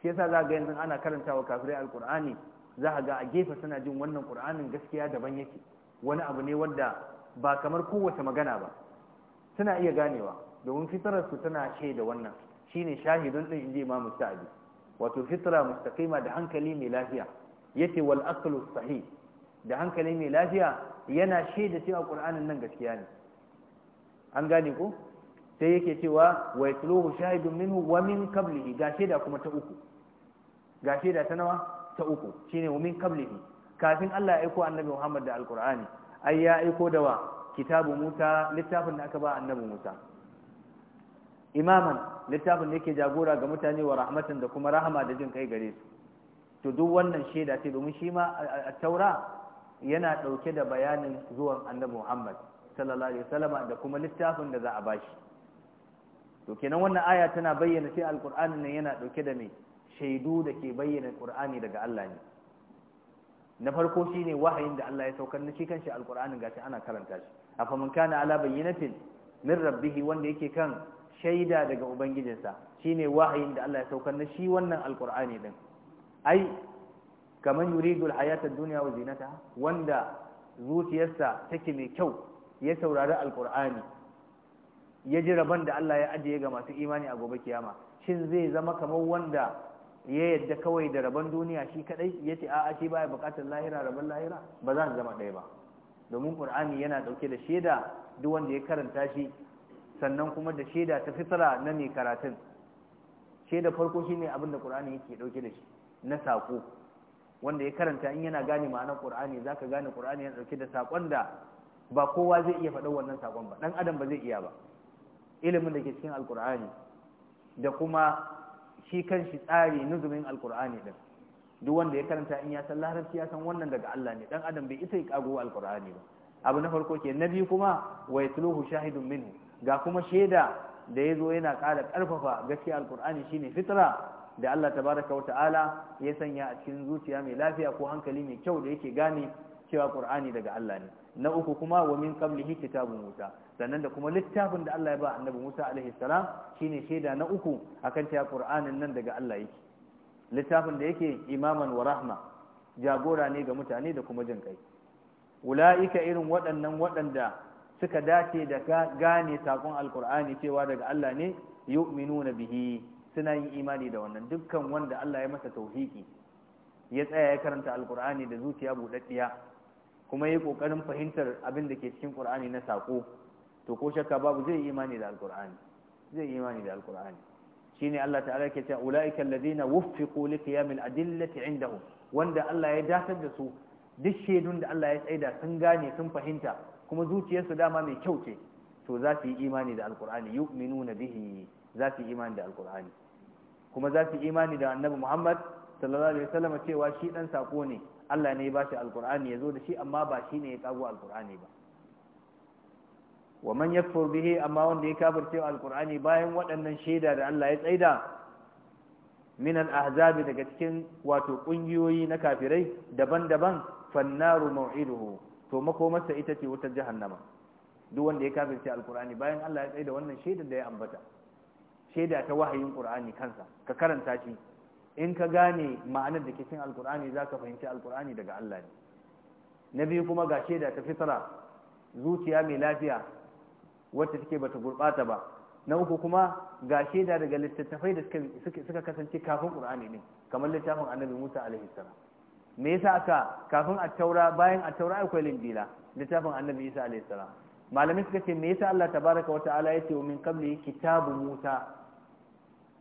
shi yasa za ga yanzu ana karantawa kafirai Alƙur'ani za ga a gefe suna jin wannan ƙur'anin gaskiya daban yake wani abu ne wanda ba kamar kowace magana ba suna iya ganewa domin fitararsu tana shaida wannan shine shahidun din inji imamu sa'adi wato fitara mustaqima da hankali mai lafiya yace wal aqlu sahih da hankali mai lafiya yana shaida cewa qur'anin nan gaskiya ne an gane ko sai yake cewa wa yatluhu shahidun minhu wa min qablihi ga shaida kuma ta uku ga shaida ta nawa ta uku shine wa min qablihi kafin Allah ya aiko annabi Muhammad da alqur'ani ai ya aiko da wa kitabu Musa littafin da aka ba annabi Musa imaman littafin da yake jagora ga mutane wa rahmatan da kuma rahama da jin kai gare su to duk wannan shaida ce domin shi ma a taura yana dauke da bayanin zuwan annabi Muhammad sallallahu alaihi wasallama da kuma littafin da za a bashi to kenan wannan aya tana bayyana sai alqur'ani ne yana dauke da me shaidu da ke bayyana qur'ani daga Allah ne na farko shine wahayin da Allah ya saukar na shi kanshi alqur'anin gashi ana karanta shi afa man kana ala bayyinatin min rabbihi wanda yake kan shaida daga ubangijinsa shine wahayin da Allah ya saukar na shi wannan alqur'ani din ai kaman yuridu alhayata ad-dunya wa zinata. wanda zuciyarsa take mai kyau ya saurari alqur'ani ya ji rabon da Allah ya ajiye ga masu imani a gobe kiyama shin zai zama kamar wanda ya yadda kawai da rabon duniya shi kadai ya ce a'a shi baya bukatar lahira rabon lahira ba za zama ɗaya ba domin ƙur'ani yana dauke da shaida duk wanda ya karanta shi sannan kuma da shaida ta fitra na mai karatun shaida farko shi ne abinda qur'ani yake dauke da shi na saƙo. wanda ya karanta in yana gane ma'anar qur'ani ka gane ƙurani yana dauke da saƙon da ba kowa zai iya faɗa wannan saƙon ba dan adam ba zai iya ba ilimin da ke cikin alqur'ani da kuma shi shi tsari nuzumin alkur'ani din duk wanda ya karanta in ya san larabci ya san wannan daga Allah ne dan adam bai isa ya kago alkur'ani ba abu na farko ke na biyu kuma wa yatluhu shahidun minhu ga kuma shaida da yazo yana kara karfafa gaskiya alkur'ani shine fitra da Allah tabaraka wa ta'ala ya sanya a cikin zuciya mai lafiya ko hankali mai kyau da yake gane cewa qur'ani daga Allah ne na uku kuma wa min qablihi kitabun Musa sannan da kuma littafin da Allah ya ba annabi Musa alaihi salam shine shaida na uku akan cewa qur'anin nan daga Allah yake littafin da yake imaman wa rahma jagora ne ga mutane da kuma jin kai ula'ika irin waɗannan waɗanda suka dace da gane sakon alkur'ani cewa daga Allah ne yu'minuna bihi suna yin imani da wannan dukkan wanda Allah ya masa tauhiki ya tsaya ya karanta alkur'ani da zuciya buɗaɗɗiya kuma yi kokarin fahimtar abin da ke cikin qur'ani na sako to ko shakka babu zai imani da alqur'ani zai imani da alqur'ani shine Allah ta'ala ke cewa ulaika alladhina wuffiqu li qiyamil adillati indahum wanda Allah ya datar da su duk shedun da Allah ya tsaida sun gane sun fahimta kuma zuciyarsu dama mai kyau ce to za su yi imani da alqur'ani yu'minuna bihi za su yi imani da alqur'ani kuma za su yi imani da annabi Muhammad sallallahu alaihi wasallam cewa shi dan sako ne Allah ne ya bashi alqur'ani ya zo da shi amma ba shi ne ya kago alqur'ani ba wa man yakfur bihi amma wanda ya kafirce alqur'ani bayan waɗannan shaida da Allah ya tsaida min al-ahzabi daga cikin wato kungiyoyi na kafirai daban-daban fannaru maw'iduhu to makomarsa ita ce wutar jahannama duk wanda ya kafirce alqur'ani bayan Allah ya tsaida wannan shaida da ya ambata shaida ta wahayin qur'ani kansa ka karanta shi in ka gane ma'anar da ke cin alkur'ani za ka fahimci alkur'ani daga Allah ne na biyu kuma ga shaida ta fitara zuciya mai lafiya wacce take bata gurbata ba na uku kuma ga shaida daga littattafai da suka kasance kafin qur'ani ne kamar littafin annabi musa alaihi salam me yasa aka kafin attaura bayan attaura akwai linjila littafin annabi isa alaihi salam Malamin suka ce me yasa Allah tabaraka wa ta'ala ya ce min qabli kitabu musa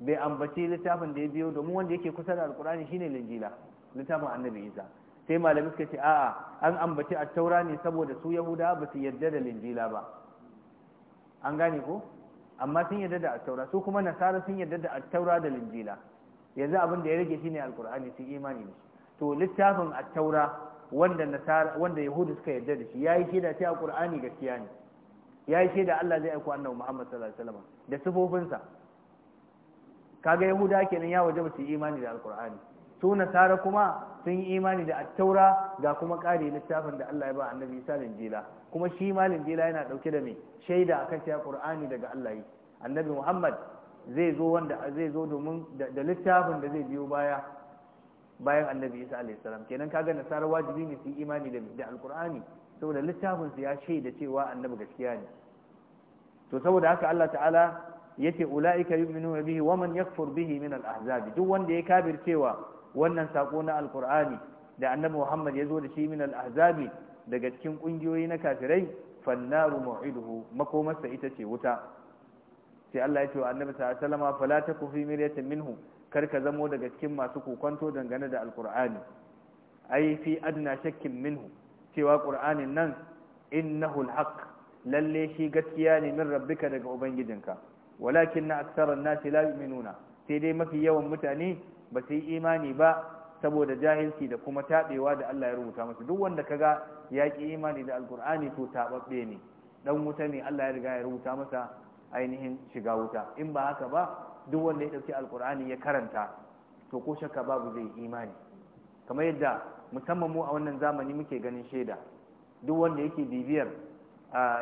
bai ambaci littafin da ya biyo domin wanda yake kusa da alkur'ani shine linjila littafin annabi isa sai malami suka ce a'a an ambaci attaura ne saboda su yahuda ba su yarda da linjila ba an gane ko amma sun yarda da attaura su kuma nasara sun yarda da attaura da linjila yanzu abin da ya rage shine alkur'ani su imani ne to littafin attaura wanda nasara wanda yahudu suka yarda da shi yayi shaida cewa alkurani gaskiya ne yayi shaida Allah zai aiko annabi Muhammad sallallahu alaihi wasallam da sifofinsa kaga yahuda kenan ya waje su imani da alkur'ani su nasara kuma sun yi imani da attaura ga kuma ƙari littafin da Allah ya ba annabi Isa linjila kuma shi ma linjila yana dauke da mai shaida akan cewa qur'ani daga Allah yi annabi Muhammad zai zo wanda zai zo domin da littafin da zai biyo baya bayan annabi Isa alaihi salam kenan kaga nasara wajibi ne su yi imani da da alkur'ani saboda littafin su ya shaida cewa annabi gaskiya ne to saboda haka Allah ta'ala yace ulaika yu'minuna bihi wa man yakfur bihi min al-ahzab duk wanda ya cewa wannan sako na alqur'ani da annabi Muhammad ya zo da shi min al-ahzab daga cikin kungiyoyi na kafirai fannaru mu'iduhu makomarsa ita ce wuta sai Allah ya ce wa annabi sallallahu alaihi wasallam fala taku fi miryatin minhu kar ka zamo daga cikin masu kokonto dangane da alqur'ani ai fi adna shakkin minhu cewa qur'anin nan innahu haq lalle shi gaskiya ne min rabbika daga ubangijinka walakin na aksarar nasi la nuna, sai dai mafi yawan mutane ba su yi imani ba saboda jahilci da kuma taɓewa da Allah ya rubuta masa duk wanda kaga ya ƙi imani da alkur'ani to taɓaɓɓe ne dan wuta ne Allah ya riga ya rubuta masa ainihin shiga wuta in ba haka ba duk wanda ya ɗauki alkur'ani ya karanta to ko shakka babu zai imani kamar yadda musamman mu a wannan zamani muke ganin shaida duk wanda yake bibiyar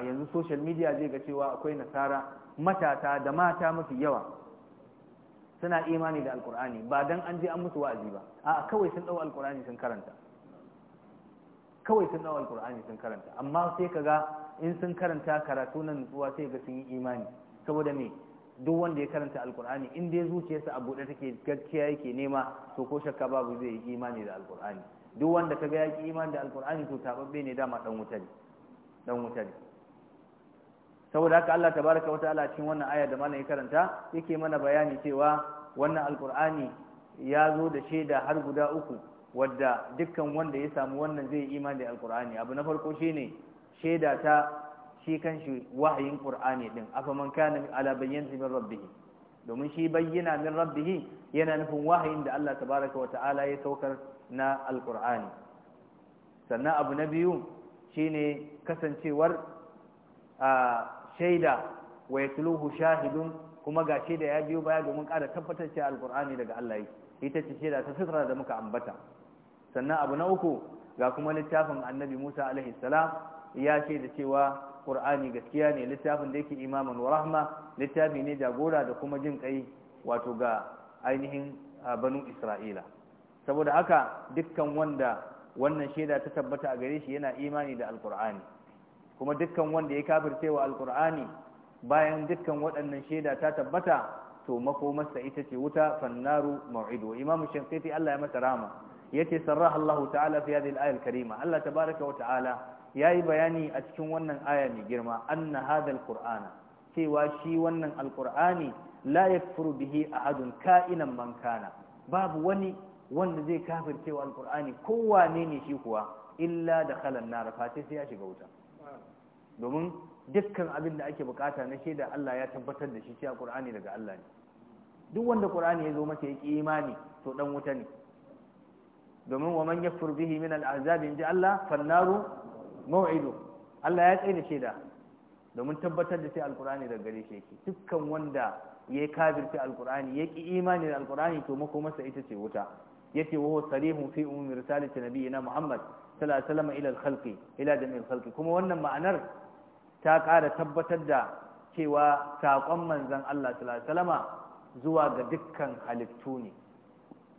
yanzu social media zai ga cewa akwai nasara matata da mata mafi yawa suna imani da alkur'ani ba don an je an musu wa'azi ba a kawai sun dau alkur'ani sun karanta kawai sun dau alkur'ani sun karanta amma sai ka ga in sun karanta karatu nan nutsuwa sai ga sun yi imani saboda me duk wanda ya karanta alkur'ani in dai zuciyarsa a buɗe take gaskiya yake nema to ko shakka babu zai yi imani da alkur'ani duk wanda ka ga ya ki imani da alkur'ani to tababbe ne dama dan wuta ne dan wuta ne saboda haka Allah tabaraka wa ta'ala cikin wannan aya da malam ya karanta yake mana bayani cewa wannan alqur'ani ya zo da shaida har guda uku wadda dukkan wanda ya samu wannan zai imani da alqur'ani abu na farko shine shaida ta shi kanshi wahayin qur'ani din afa man kana ala bayyinati min rabbih domin shi bayyana min rabbih yana nufin wahayin da Allah tabaraka wa ta'ala ya saukar na alqur'ani sannan abu na biyu shine kasancewar a ah, shaida wa yatluhu shahidun kuma ga shaida ya biyo baya domin ƙara tabbatar cewa alqur'ani daga Allah yake ita ce shaida ta sitra da muka ambata sannan abu na uku ga kuma littafin annabi Musa alaihi salam ya shaida cewa qur'ani gaskiya ne littafin da yake imaman wa rahma littafi ne jagora da kuma jin kai wato ga ainihin banu isra'ila saboda haka dukkan wanda wannan shaida ta tabbata a gare shi yana imani da alqur'ani kuma dukkan wanda ya kafirce wa alqur'ani bayan dukkan waɗannan shaida ta tabbata to makomarsa ita ce wuta fannaru mau'idu imamu shankiti Allah ya masa rama yace sarraha Allah ta'ala fi hadhihi al-aya al-karima Allah tabaaraka wa ta'ala yayi bayani a cikin wannan aya mai girma anna hadha al-qur'ana cewa shi wannan al-qur'ani la yakfuru bihi ahadun ka'inan man kana babu wani wanda zai kafirce wa al-qur'ani kowane ne shi kuwa illa dakhala an-nar fa sai ya shiga wuta domin dukkan abin da ake bukata na shaida Allah ya tabbatar da shi cewa Qur'ani daga Allah ne duk wanda Qur'ani ya zo masa ya ki imani to dan wuta ne domin wa man yakfur bihi min al-ahzab inji Allah fannaru maw'idu Allah ya tsaye da shaida domin tabbatar da sai qurani daga gare shi yake dukkan wanda ya al alkur'ani ya ki imani da alkur'ani to makomarsa ita ce wuta yace wa huwa fi ummi risalati nabiyina Muhammad sallallahu alaihi wasallam ila al-khalqi ila jami'il khalqi kuma wannan ma'anar ta ƙara tabbatar da cewa saƙon manzan Allah salama zuwa ga dukkan halittu ne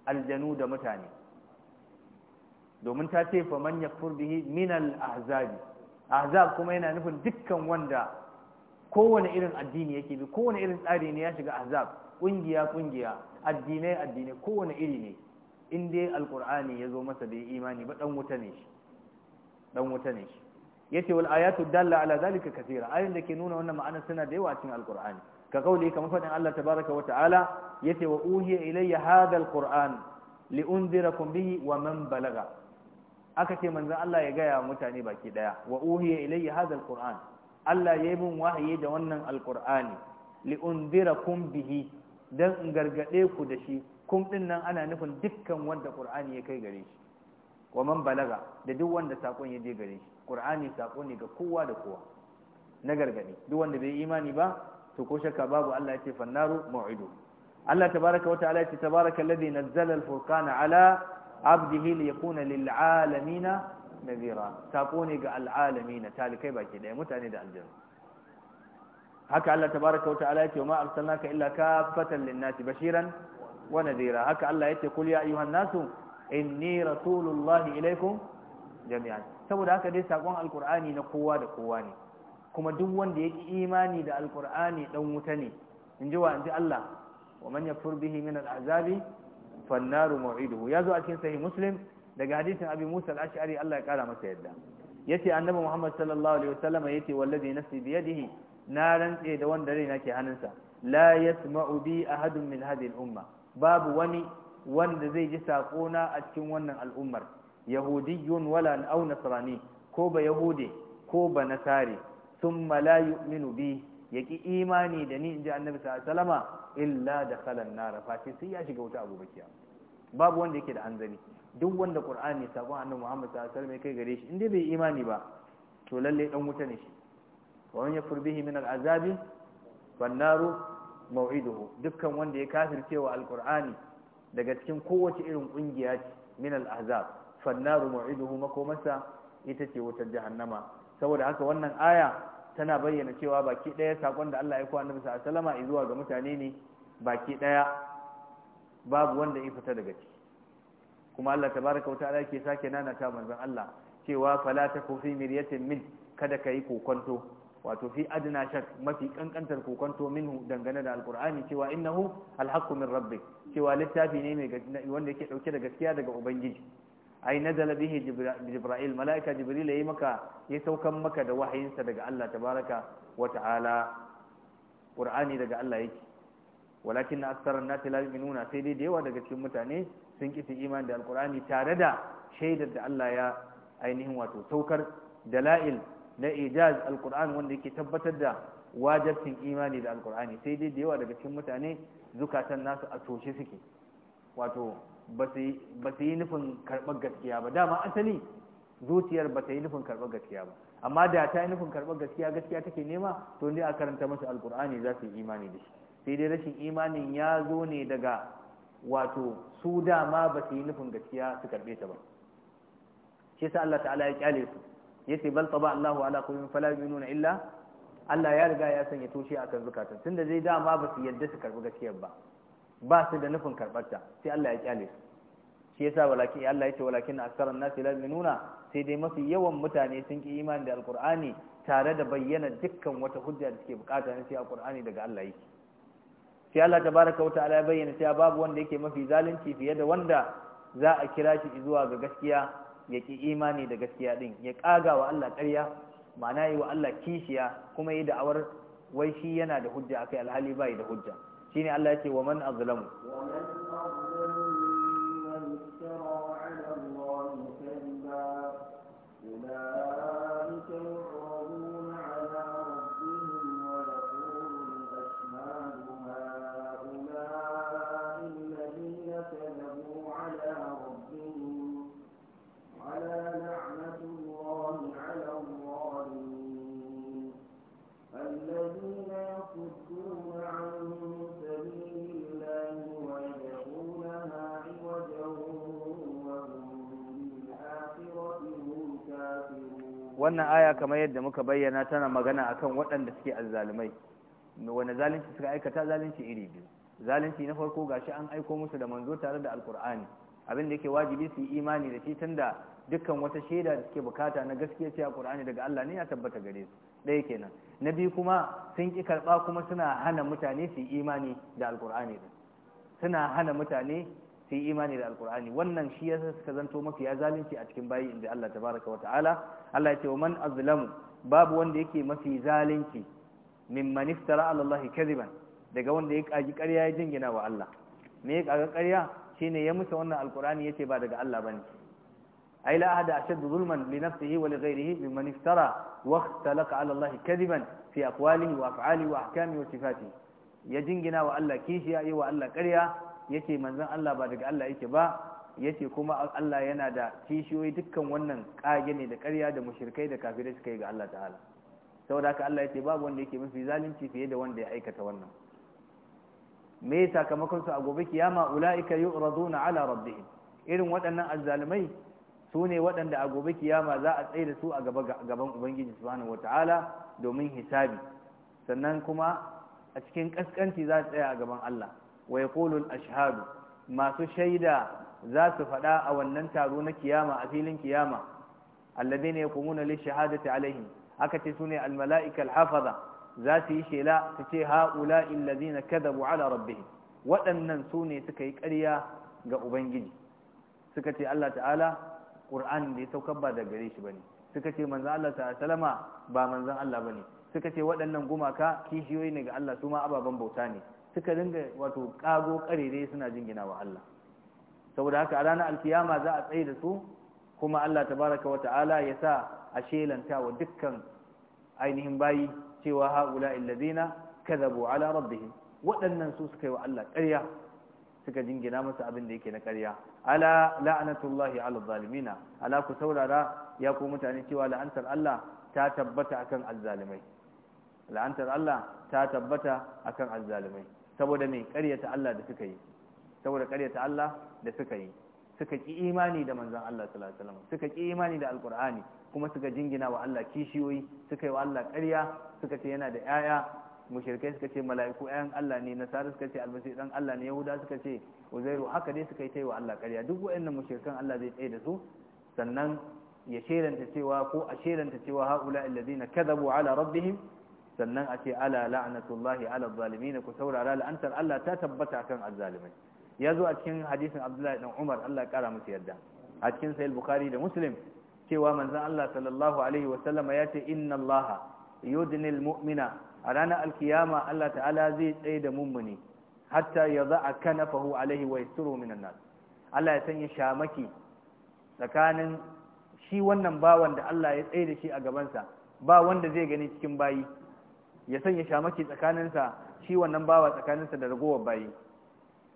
aljanu da mutane domin ta ce fa man yakfur bihi ahzabi ahzab kuma yana nufin dukkan wanda kowane irin addini yake bi kowane irin tsari ne ya shiga ahzab kungiya kungiya addinai addinai kowane iri ne in dai alqur'ani ya zo masa da imani ba dan wuta ne shi dan wuta ne shi yace wal ayatu dalla ala zalika kathira ayoyin da ke nuna wannan ma'ana suna da yawa a cikin alqur'ani ka kauli kamar fadin Allah tabaraka wa ta'ala yace wa uhiya ilayya hadha alqur'an li unzirakum bihi wa man balaga aka ce manzon Allah ya gaya wa mutane baki daya wa uhiya ilayya hadha alqur'an Allah ya yi min wahayi da wannan alqur'ani li unzirakum bihi dan in gargade ku da shi kum din nan ana nufin dukkan wanda qur'ani ya kai gare shi wa man balaga da duk wanda sakon ya je gare shi qur'ani sako ne ga kowa da kowa na gargadi duk wanda bai imani ba to ko shakka babu Allah yace fannaru mau'idu Allah tabaaraka wa ta'ala yace tabaaraka alladhi nazzala al-furqana ala 'abdihi liyakuna Alamina nadhira sako ne ga al'alamin talikai baki ɗaya mutane da aljanna haka Allah tabaaraka wa ta'ala yace ma arsalnaka illa kaffatan lin-nasi bashiran wa nadhira haka Allah yace kul ya ayyuhan nasu inni rasulullahi ilaikum jami'an saboda haka dai sakon alkur'ani na kowa da kowa ne kuma duk wanda ya ki imani da alkur'ani dan wuta ne in ji wa in ji Allah wa man yakfur bihi min al'azabi fannaru maw'iduhu yazo a cikin sahih muslim daga hadisin abi musa al-ash'ari Allah ya kara masa yadda yace annabi muhammad sallallahu alaihi wasallam yace wallazi nafsi bi yadihi na rantse da wanda rai nake hannunsa la yasma'u bi ahadun min hadhihi al-umma babu wani wanda zai ji saƙona a cikin wannan al'ummar yahudiyun wala au nasrani ko ba yahude ko ba nasare sun mala yu'minu bi ki imani da ni inji annabi salama illa da kalan nara face sai ya shiga wuta abubakiya babu wanda yake da hanzari duk wanda ƙur'ani saƙon annabi muhammad sallallahu alaihi kai gare shi inda bai imani ba to lallai dan wuta ne shi wani ya yakfur min al'azabi wannan naru maw'iduhu dukkan wanda ya kafircewa Alƙur'ani. daga cikin kowace irin kungiya ce min ahzab fannaru mu'iduhu makomasa ita ce wutar jahannama saboda haka wannan aya tana bayyana cewa baki daya sakon da Allah ya kawo annabi sallallahu alaihi wasallam zuwa ga mutane ne baki daya babu wanda ya fita daga ciki kuma Allah tabaraka wa ta'ala yake sake nana ta manzon Allah cewa fala taku fi miryatin min kada kai kokonto wato fi adna shak mafi kankantar kokonto minhu dangane da alqur'ani cewa innahu alhaqqu min rabbik cewa littafi ne mai wanda yake dauke da gaskiya daga ubangiji ai nazala bihi jibril malaika jibril yayi maka ya saukan maka da sa daga Allah tabaraka wa ta'ala qur'ani daga Allah yake walakin aktharun nasi la yu'minuna sai dai da yawa daga cikin mutane sun ki su imani da alqur'ani tare da shaidar da Allah ya ainihin wato saukar dalail na ijaz alqur'an wanda yake tabbatar da wajibcin imani da alqur'ani sai dai da yawa daga cikin mutane zukatan nasu a toshe suke wato ba su yi nufin karɓar gaskiya ba dama asali zuciyar ba ta yi nufin karɓar gaskiya ba amma da ta yi nufin karɓar gaskiya gaskiya take nema to ne a karanta masa alkur'ani za su yi imani da shi sai dai rashin imanin ya zo ne daga wato su dama ba su yi nufin gaskiya su karɓe ta ba shi sa Allah ta'ala ya kyale su yace bal taba Allahu ala kullin fala yu'minuna illa Allah ya riga ya sanya tushe akan zukatan tunda zai dama ba su yadda su karbi gaskiyar ba ba su da nufin karbar ta sai Allah ya kyale su shi yasa walaki Allah ya ce walakin aksaran nasi la yu'minuna sai dai mafi yawan mutane sun ki imani da alqur'ani tare da bayyana dukkan wata hujja da suke bukata ne sai alqur'ani daga Allah yake sai Allah tabaraka wata'ala ya bayyana cewa babu wanda yake mafi zalunci fiye da wanda za a kira shi zuwa ga gaskiya ya ki imani da gaskiya din ya kaga wa Allah ƙarya ma'ana yi wa Allah kishiya kuma yi da'awar wai shi yana da hujja akai alhali bai da hujja shine Allah yace wa man azlamu wa man azlamu kamar yadda muka bayyana tana magana akan waɗanda suke azzalumai wani zalunci suka aikata zalunci iri biyu zalunci na farko gashi an aiko musu da manzo tare da alkur'ani abin da yake wajibi su yi imani da shi tunda dukkan wata shaida da suke bukata na gaskiya ce a qur'ani daga Allah ne ya tabbata gare su ɗaya kenan na biyu kuma sun ki karɓa kuma suna hana mutane su imani da alkur'ani suna hana mutane su yi imani da alkur'ani wannan shi yasa suka zanto mafiya zalunci a cikin bayi inda Allah tabaraka wa ta'ala Allah ya ce wa man azlamu babu wanda yake mafi zalunci mimman iftara ala Allah kadiban daga wanda ya kaji ƙarya ya jingina wa Allah me ya kaga ƙarya shine ya musa wannan alkur'ani yace ba daga Allah bane ai la ahada ashaddu zulman li nafsihi wa li ghayrihi mimman iftara wa ikhtalaqa ala Allah kadiban fi aqwalihi wa af'alihi wa ahkamihi wa sifatihi ya jingina wa Allah kishiya yi wa Allah ƙarya yace manzon Allah ba daga Allah yake ba yace kuma Allah yana da kishiyoyi dukkan wannan kage ne da ƙarya da mushrikai da kafirai suka yi ga Allah ta'ala saboda haka Allah yace babu wanda yake mafi zalunci fiye da wanda ya aikata wannan me sakamakon su a gobe kiyama ulaika yu'raduna ala rabbihim irin waɗannan azzalumai su ne waɗanda a gobe kiyama za a tsaye da su a gaban ubangiji subhanahu wataala domin hisabi sannan kuma a cikin kaskanci za a tsaya a gaban Allah wa yaqulu al-ashhadu masu shaida za su faɗa a wannan taro na kiyama a filin kiyama alladhina yaqumuna lish ta alaihim aka ce su al-mala'ika hafaza za su yi shela su ce ha'ula'i alladhina kada, ala rabbi! waɗannan sune suka yi ƙarya ga ubangiji suka ce Allah ta'ala Qur'an da ya saukar ba da gare shi bane suka ce manzan Allah ta'ala salama ba manzan Allah bane suka ce waɗannan gumaka kishiyoyi ne ga Allah su ma ababen bauta ne suka dinga wato kago karere suna jingina wa Allah saboda haka a ranar alkiyama za a tsaye da su kuma Allah tabaraka wa ta'ala ya sa a shelanta wa dukkan ainihin bayi cewa haula alladhina kadhabu ala rabbihim waɗannan su suka yi wa Allah ƙarya suka jingina masa abin da yake na ƙarya ala la'anatullahi ala zalimina ala ku saurara ya ku mutane cewa la'antar Allah ta tabbata akan azzalimai la'antar Allah ta tabbata akan azzalimai saboda mai ƙaryata Allah da suka yi saboda ƙaryata Allah da suka yi suka ki imani da manzon Allah sallallahu alaihi wasallam suka ki imani da alqur'ani kuma suka jingina wa Allah kishiyoyi suka yi wa Allah karya suka ce yana da yaya mushrikai suka ce mala'iku ayan Allah ne nasara suka ce almasi dan Allah ne yahuda suka ce uzairu haka dai suka yi ta wa Allah karya duk waɗannan mushrikan Allah zai tsaye da su sannan ya sheranta cewa ko a sheranta cewa haula alladhina kadhabu ala rabbihim sannan a ce ala la'anatullahi ala zalimin ku saurara la'antar Allah ta tabbata kan azzalimai ya zo a cikin hadisin Abdullahi dan Umar Allah ya kara musu yarda a cikin sahih Bukhari da Muslim cewa manzon Allah sallallahu alaihi wa ya ce inna Allah yudnil mu'mina a ranar alkiyama Allah ta'ala zai tsaye da mummuni hatta ya za a kanafahu alaihi wa yasturu minan nas Allah ya sanya shamaki tsakanin shi wannan bawan da Allah ya tsaye da shi a gabansa ba wanda zai gani cikin bayi ya sanya shamaki tsakaninsa shi wannan bawa tsakaninsa da ragowar bayi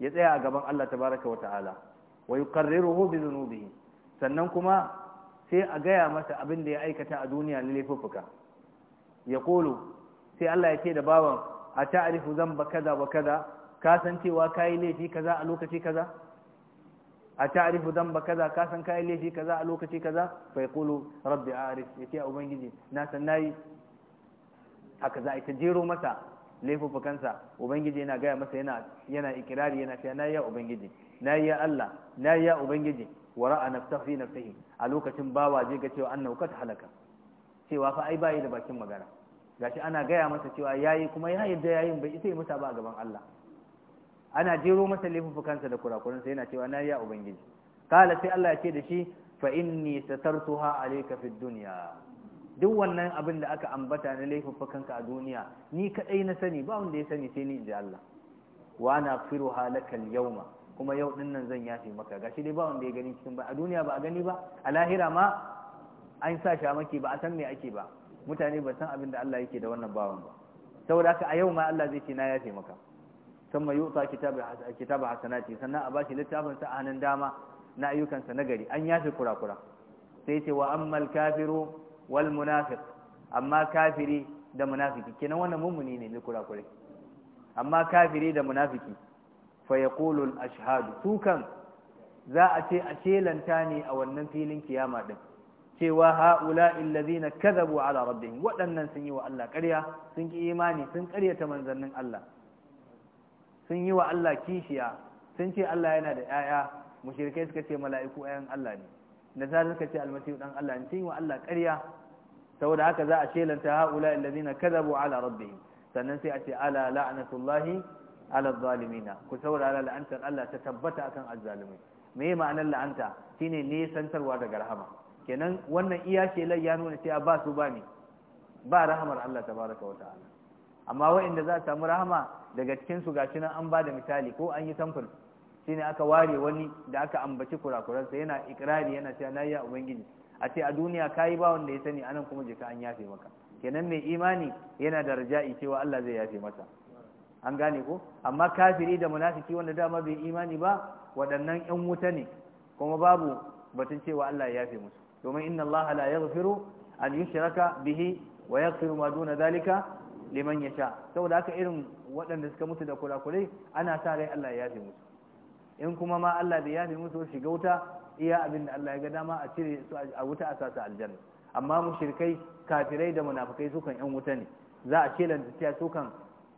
ya tsaya a gaban Allah tabaraka wa ta'ala wa yuqarriruhu bi dhunubihi sannan kuma sai a gaya masa abin da ya aikata a duniya na laifuka ya kolo sai Allah ya ce da bawan a ta'rifu zamba kaza wa kaza ka san cewa kai laifi kaza a lokaci kaza a ta'rifu zamba kaza ka san kai laifi kaza a lokaci kaza fa yaqulu rabbi a'rif yace ubangiji na san nayi haka za a ta jero masa laifuffukansa ubangiji yana gaya masa yana yana ikirari yana cewa nayi ya ubangiji nayi ya Allah nayi ya ubangiji wa ra'a naftahi nafsihi a lokacin bawa zai ga cewa annahu ta halaka cewa fa ai bai da bakin magana gashi ana gaya masa cewa yayi kuma ya yadda yayi bai isa masa ba a gaban Allah ana jero masa laifuffukansa da sa yana cewa nayi ya ubangiji kala sai Allah ya ce da shi fa inni satartuha alayka fid dunya duk wannan abin da aka ambata na laifuffukanka a duniya ni kadai na sani ba wanda ya sani sai ni inji Allah wa na firu halakal yauma kuma yau din nan zan yafe maka gashi dai ba wanda ya gani cikin ba a duniya ba a gani ba a lahira ma an sa maki ba a san me ake ba mutane ba san abin da Allah yake da wannan bawan ba saboda haka a yau ma Allah zai ce na yafe maka thumma yu'ta kitaba kitaba hasanati sannan a bashi littafin sa a hannun dama na ayyukansa gari an yafe kurakura sai ce wa ammal kafiru wal munafiq amma kafiri da munafiki kenan wannan mummuni ne mai kurakure amma kafiri da munafiki fa yaqulu al ashhadu su kan za a ce a shelanta ne a wannan filin kiyama din cewa haula illazina kadhabu ala rabbihim waɗannan sun yi wa Allah ƙarya sun ki imani sun ƙaryata manzannin Allah sun yi wa Allah kishiya sun ce Allah yana da ƴaƴa mushrikai suka ce mala'iku ayan Allah ne da zarar suka ce almasihu dan Allah ne sun yi wa Allah ƙarya saboda haka za a shelanta haula allazina kadhabu ala rabbihim sannan sai a ce ala la'natullahi ala zalimina ku saurara la'antar Allah ta tabbata akan azzalimi me ma'anar la'anta shine nesantarwa daga rahama kenan wannan iya shelar ya nuna cewa ba su ba ba rahamar Allah tabaraka wata'ala amma wa'inda za a samu rahama daga cikin su gashi nan an ba da misali ko an yi samfur shine aka ware wani da aka ambaci kurakuransa yana Ikirari, yana cewa na ya ubangiji a ce a duniya kayi ba wanda ya sani anan kuma jika an yafe maka kenan mai imani yana da raja'i cewa Allah zai yafe masa an gane ko amma kafiri da munafiki wanda dama bai imani ba waɗannan yan wuta ne kuma babu batun cewa Allah ya yafe musu domin inna Allah la yaghfiru an yushraka bihi wa yaghfiru ma duna zalika liman yasha saboda haka irin waɗanda suka mutu da kurakurai ana sa rai Allah ya yafe musu in kuma ma Allah ya yafe musu shiga wuta iya abin da Allah ya ga dama a cire su a wuta a sasa aljanna amma mushrikai kafirai da munafikai sukan yan wuta ne za a kelanta cewa su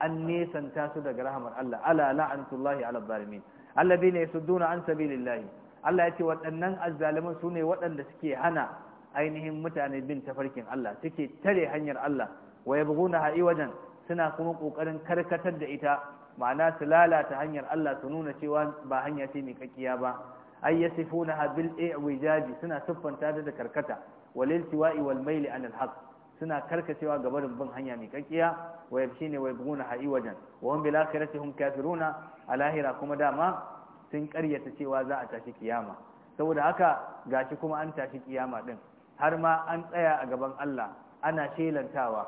an nesanta su daga rahamar Allah ala la'antullahi ala zalimin alladhina yasudduna an sabilillahi Allah ya ce waɗannan azzaliman su ne waɗanda suke hana ainihin mutane bin tafarkin Allah suke tare hanyar Allah wa yabghuna ha'i wajen suna kuma kokarin karkatar da ita ma'ana su lalata hanyar Allah su nuna cewa ba hanya ce mai kakiya ba ay habil a i'wijaji suna siffanta da karkata walil tiwa'i wal maili anil haqq suna karkacewa ga da bin hanya mai kakkiya wa yabshine wa yabghuna ha'i wajan wa hum bil akhirati hum kafiruna alahira kuma dama sun karyata cewa za a tashi kiyama saboda haka gashi kuma an tashi kiyama din har ma an tsaya a gaban Allah ana shelantawa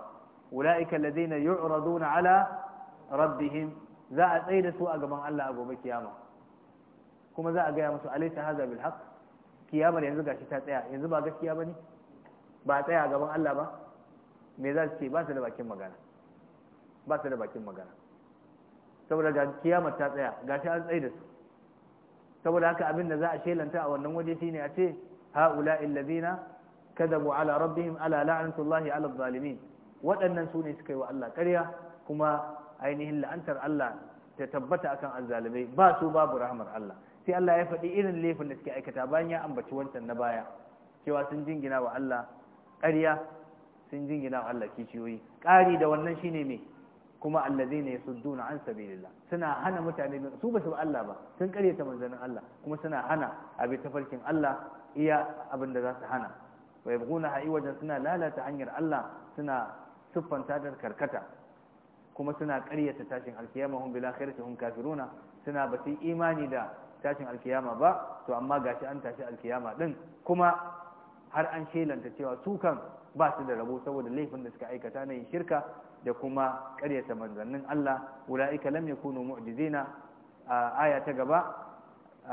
ulaika alladhina yu'raduna ala rabbihim za a tsaye da su a gaban Allah a gobe kiyama kuma za a gaya musu alaysa hadha bil haqq kiyamar yanzu gashi ta tsaya yanzu ba gaskiya bane ba a tsaya a gaban Allah ba me za su ce ba su da bakin magana ba su da bakin magana saboda ga kiyamar ta tsaya gashi an tsaye da su saboda haka abin da za a shelanta a wannan waje shine a ce haula illazina kadabu ala rabbihim ala la'natullahi ala zalimin waɗannan su ne suka yi wa Allah ƙarya kuma ainihin la'antar Allah ta tabbata akan azzalumai ba su babu rahmar Allah sai Allah ya faɗi irin laifin da suke aikata bayan ya ambaci wancan na baya cewa sun jingina wa Allah ƙarya sun jingina wa Allah kiciyoyi ƙari da wannan shine me kuma allazina yasudduna an sabilillah suna hana mutane su ba su Allah ba sun ta manzanin Allah kuma suna hana abi tafarkin Allah iya abin da za su hana wa yabghuna ha'i wajen suna lalata hanyar Allah suna siffanta da karkata kuma suna ƙaryata tashin alkiyama hun bila khairati hun kafiruna suna ba su imani da tashin alkiyama ba to amma gashi an tashi alkiyama din kuma har an shelanta cewa su kan ba su da rabo saboda laifin da suka aikata na yin shirka da kuma ƙaryata manzannin Allah ulaika lam yakunu mu'jizina aya ta gaba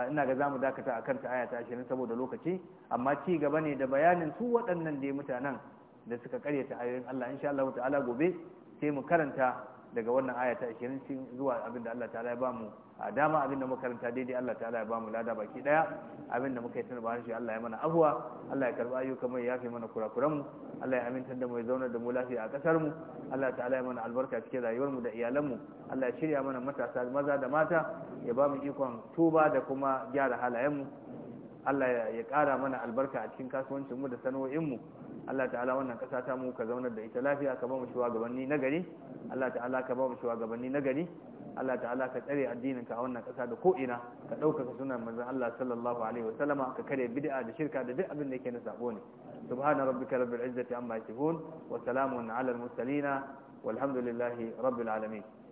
ina ga zamu dakata akan ta aya ta 20 saboda lokaci amma ci gaba ne da bayanin su waɗannan dai mutanen da suka karyata ayoyin Allah insha Allah ta'ala gobe sai mu karanta daga wannan aya ta 20 zuwa abin da Allah ta'ala ya bamu a dama abin da muka karanta daidai Allah ta'ala ya bamu lada baki daya abin da muka yi tana shi Allah ya mana afuwa Allah ya karba ayyuka mai ya yafe mana kurakuran mu Allah ya aminta da mu ya zauna da mu lafiya a kasar mu Allah ta'ala ya mana albarka cikin rayuwar mu da iyalan mu Allah ya shirya mana matasa maza da mata ya ba mu ikon tuba da kuma gyara halayen mu Allah ya ƙara mana albarka a cikin kasuwancin mu da sana'o'in mu Allah ta'ala wannan kasa ta mu ka zaunar da ita lafiya ka ba mu shugabanni na gari Allah ta'ala ka ba mu shugabanni na gari Allah ta'ala ka tsare addinin ka a wannan kasa da ko ina ka ɗaukaka sunan manzon Allah sallallahu alaihi wa sallama ka kare bid'a da shirka da duk abin da yake na sabo ne subhana rabbika rabbil izzati amma yasifun wa salamun ala al mursalin والحمد لله رب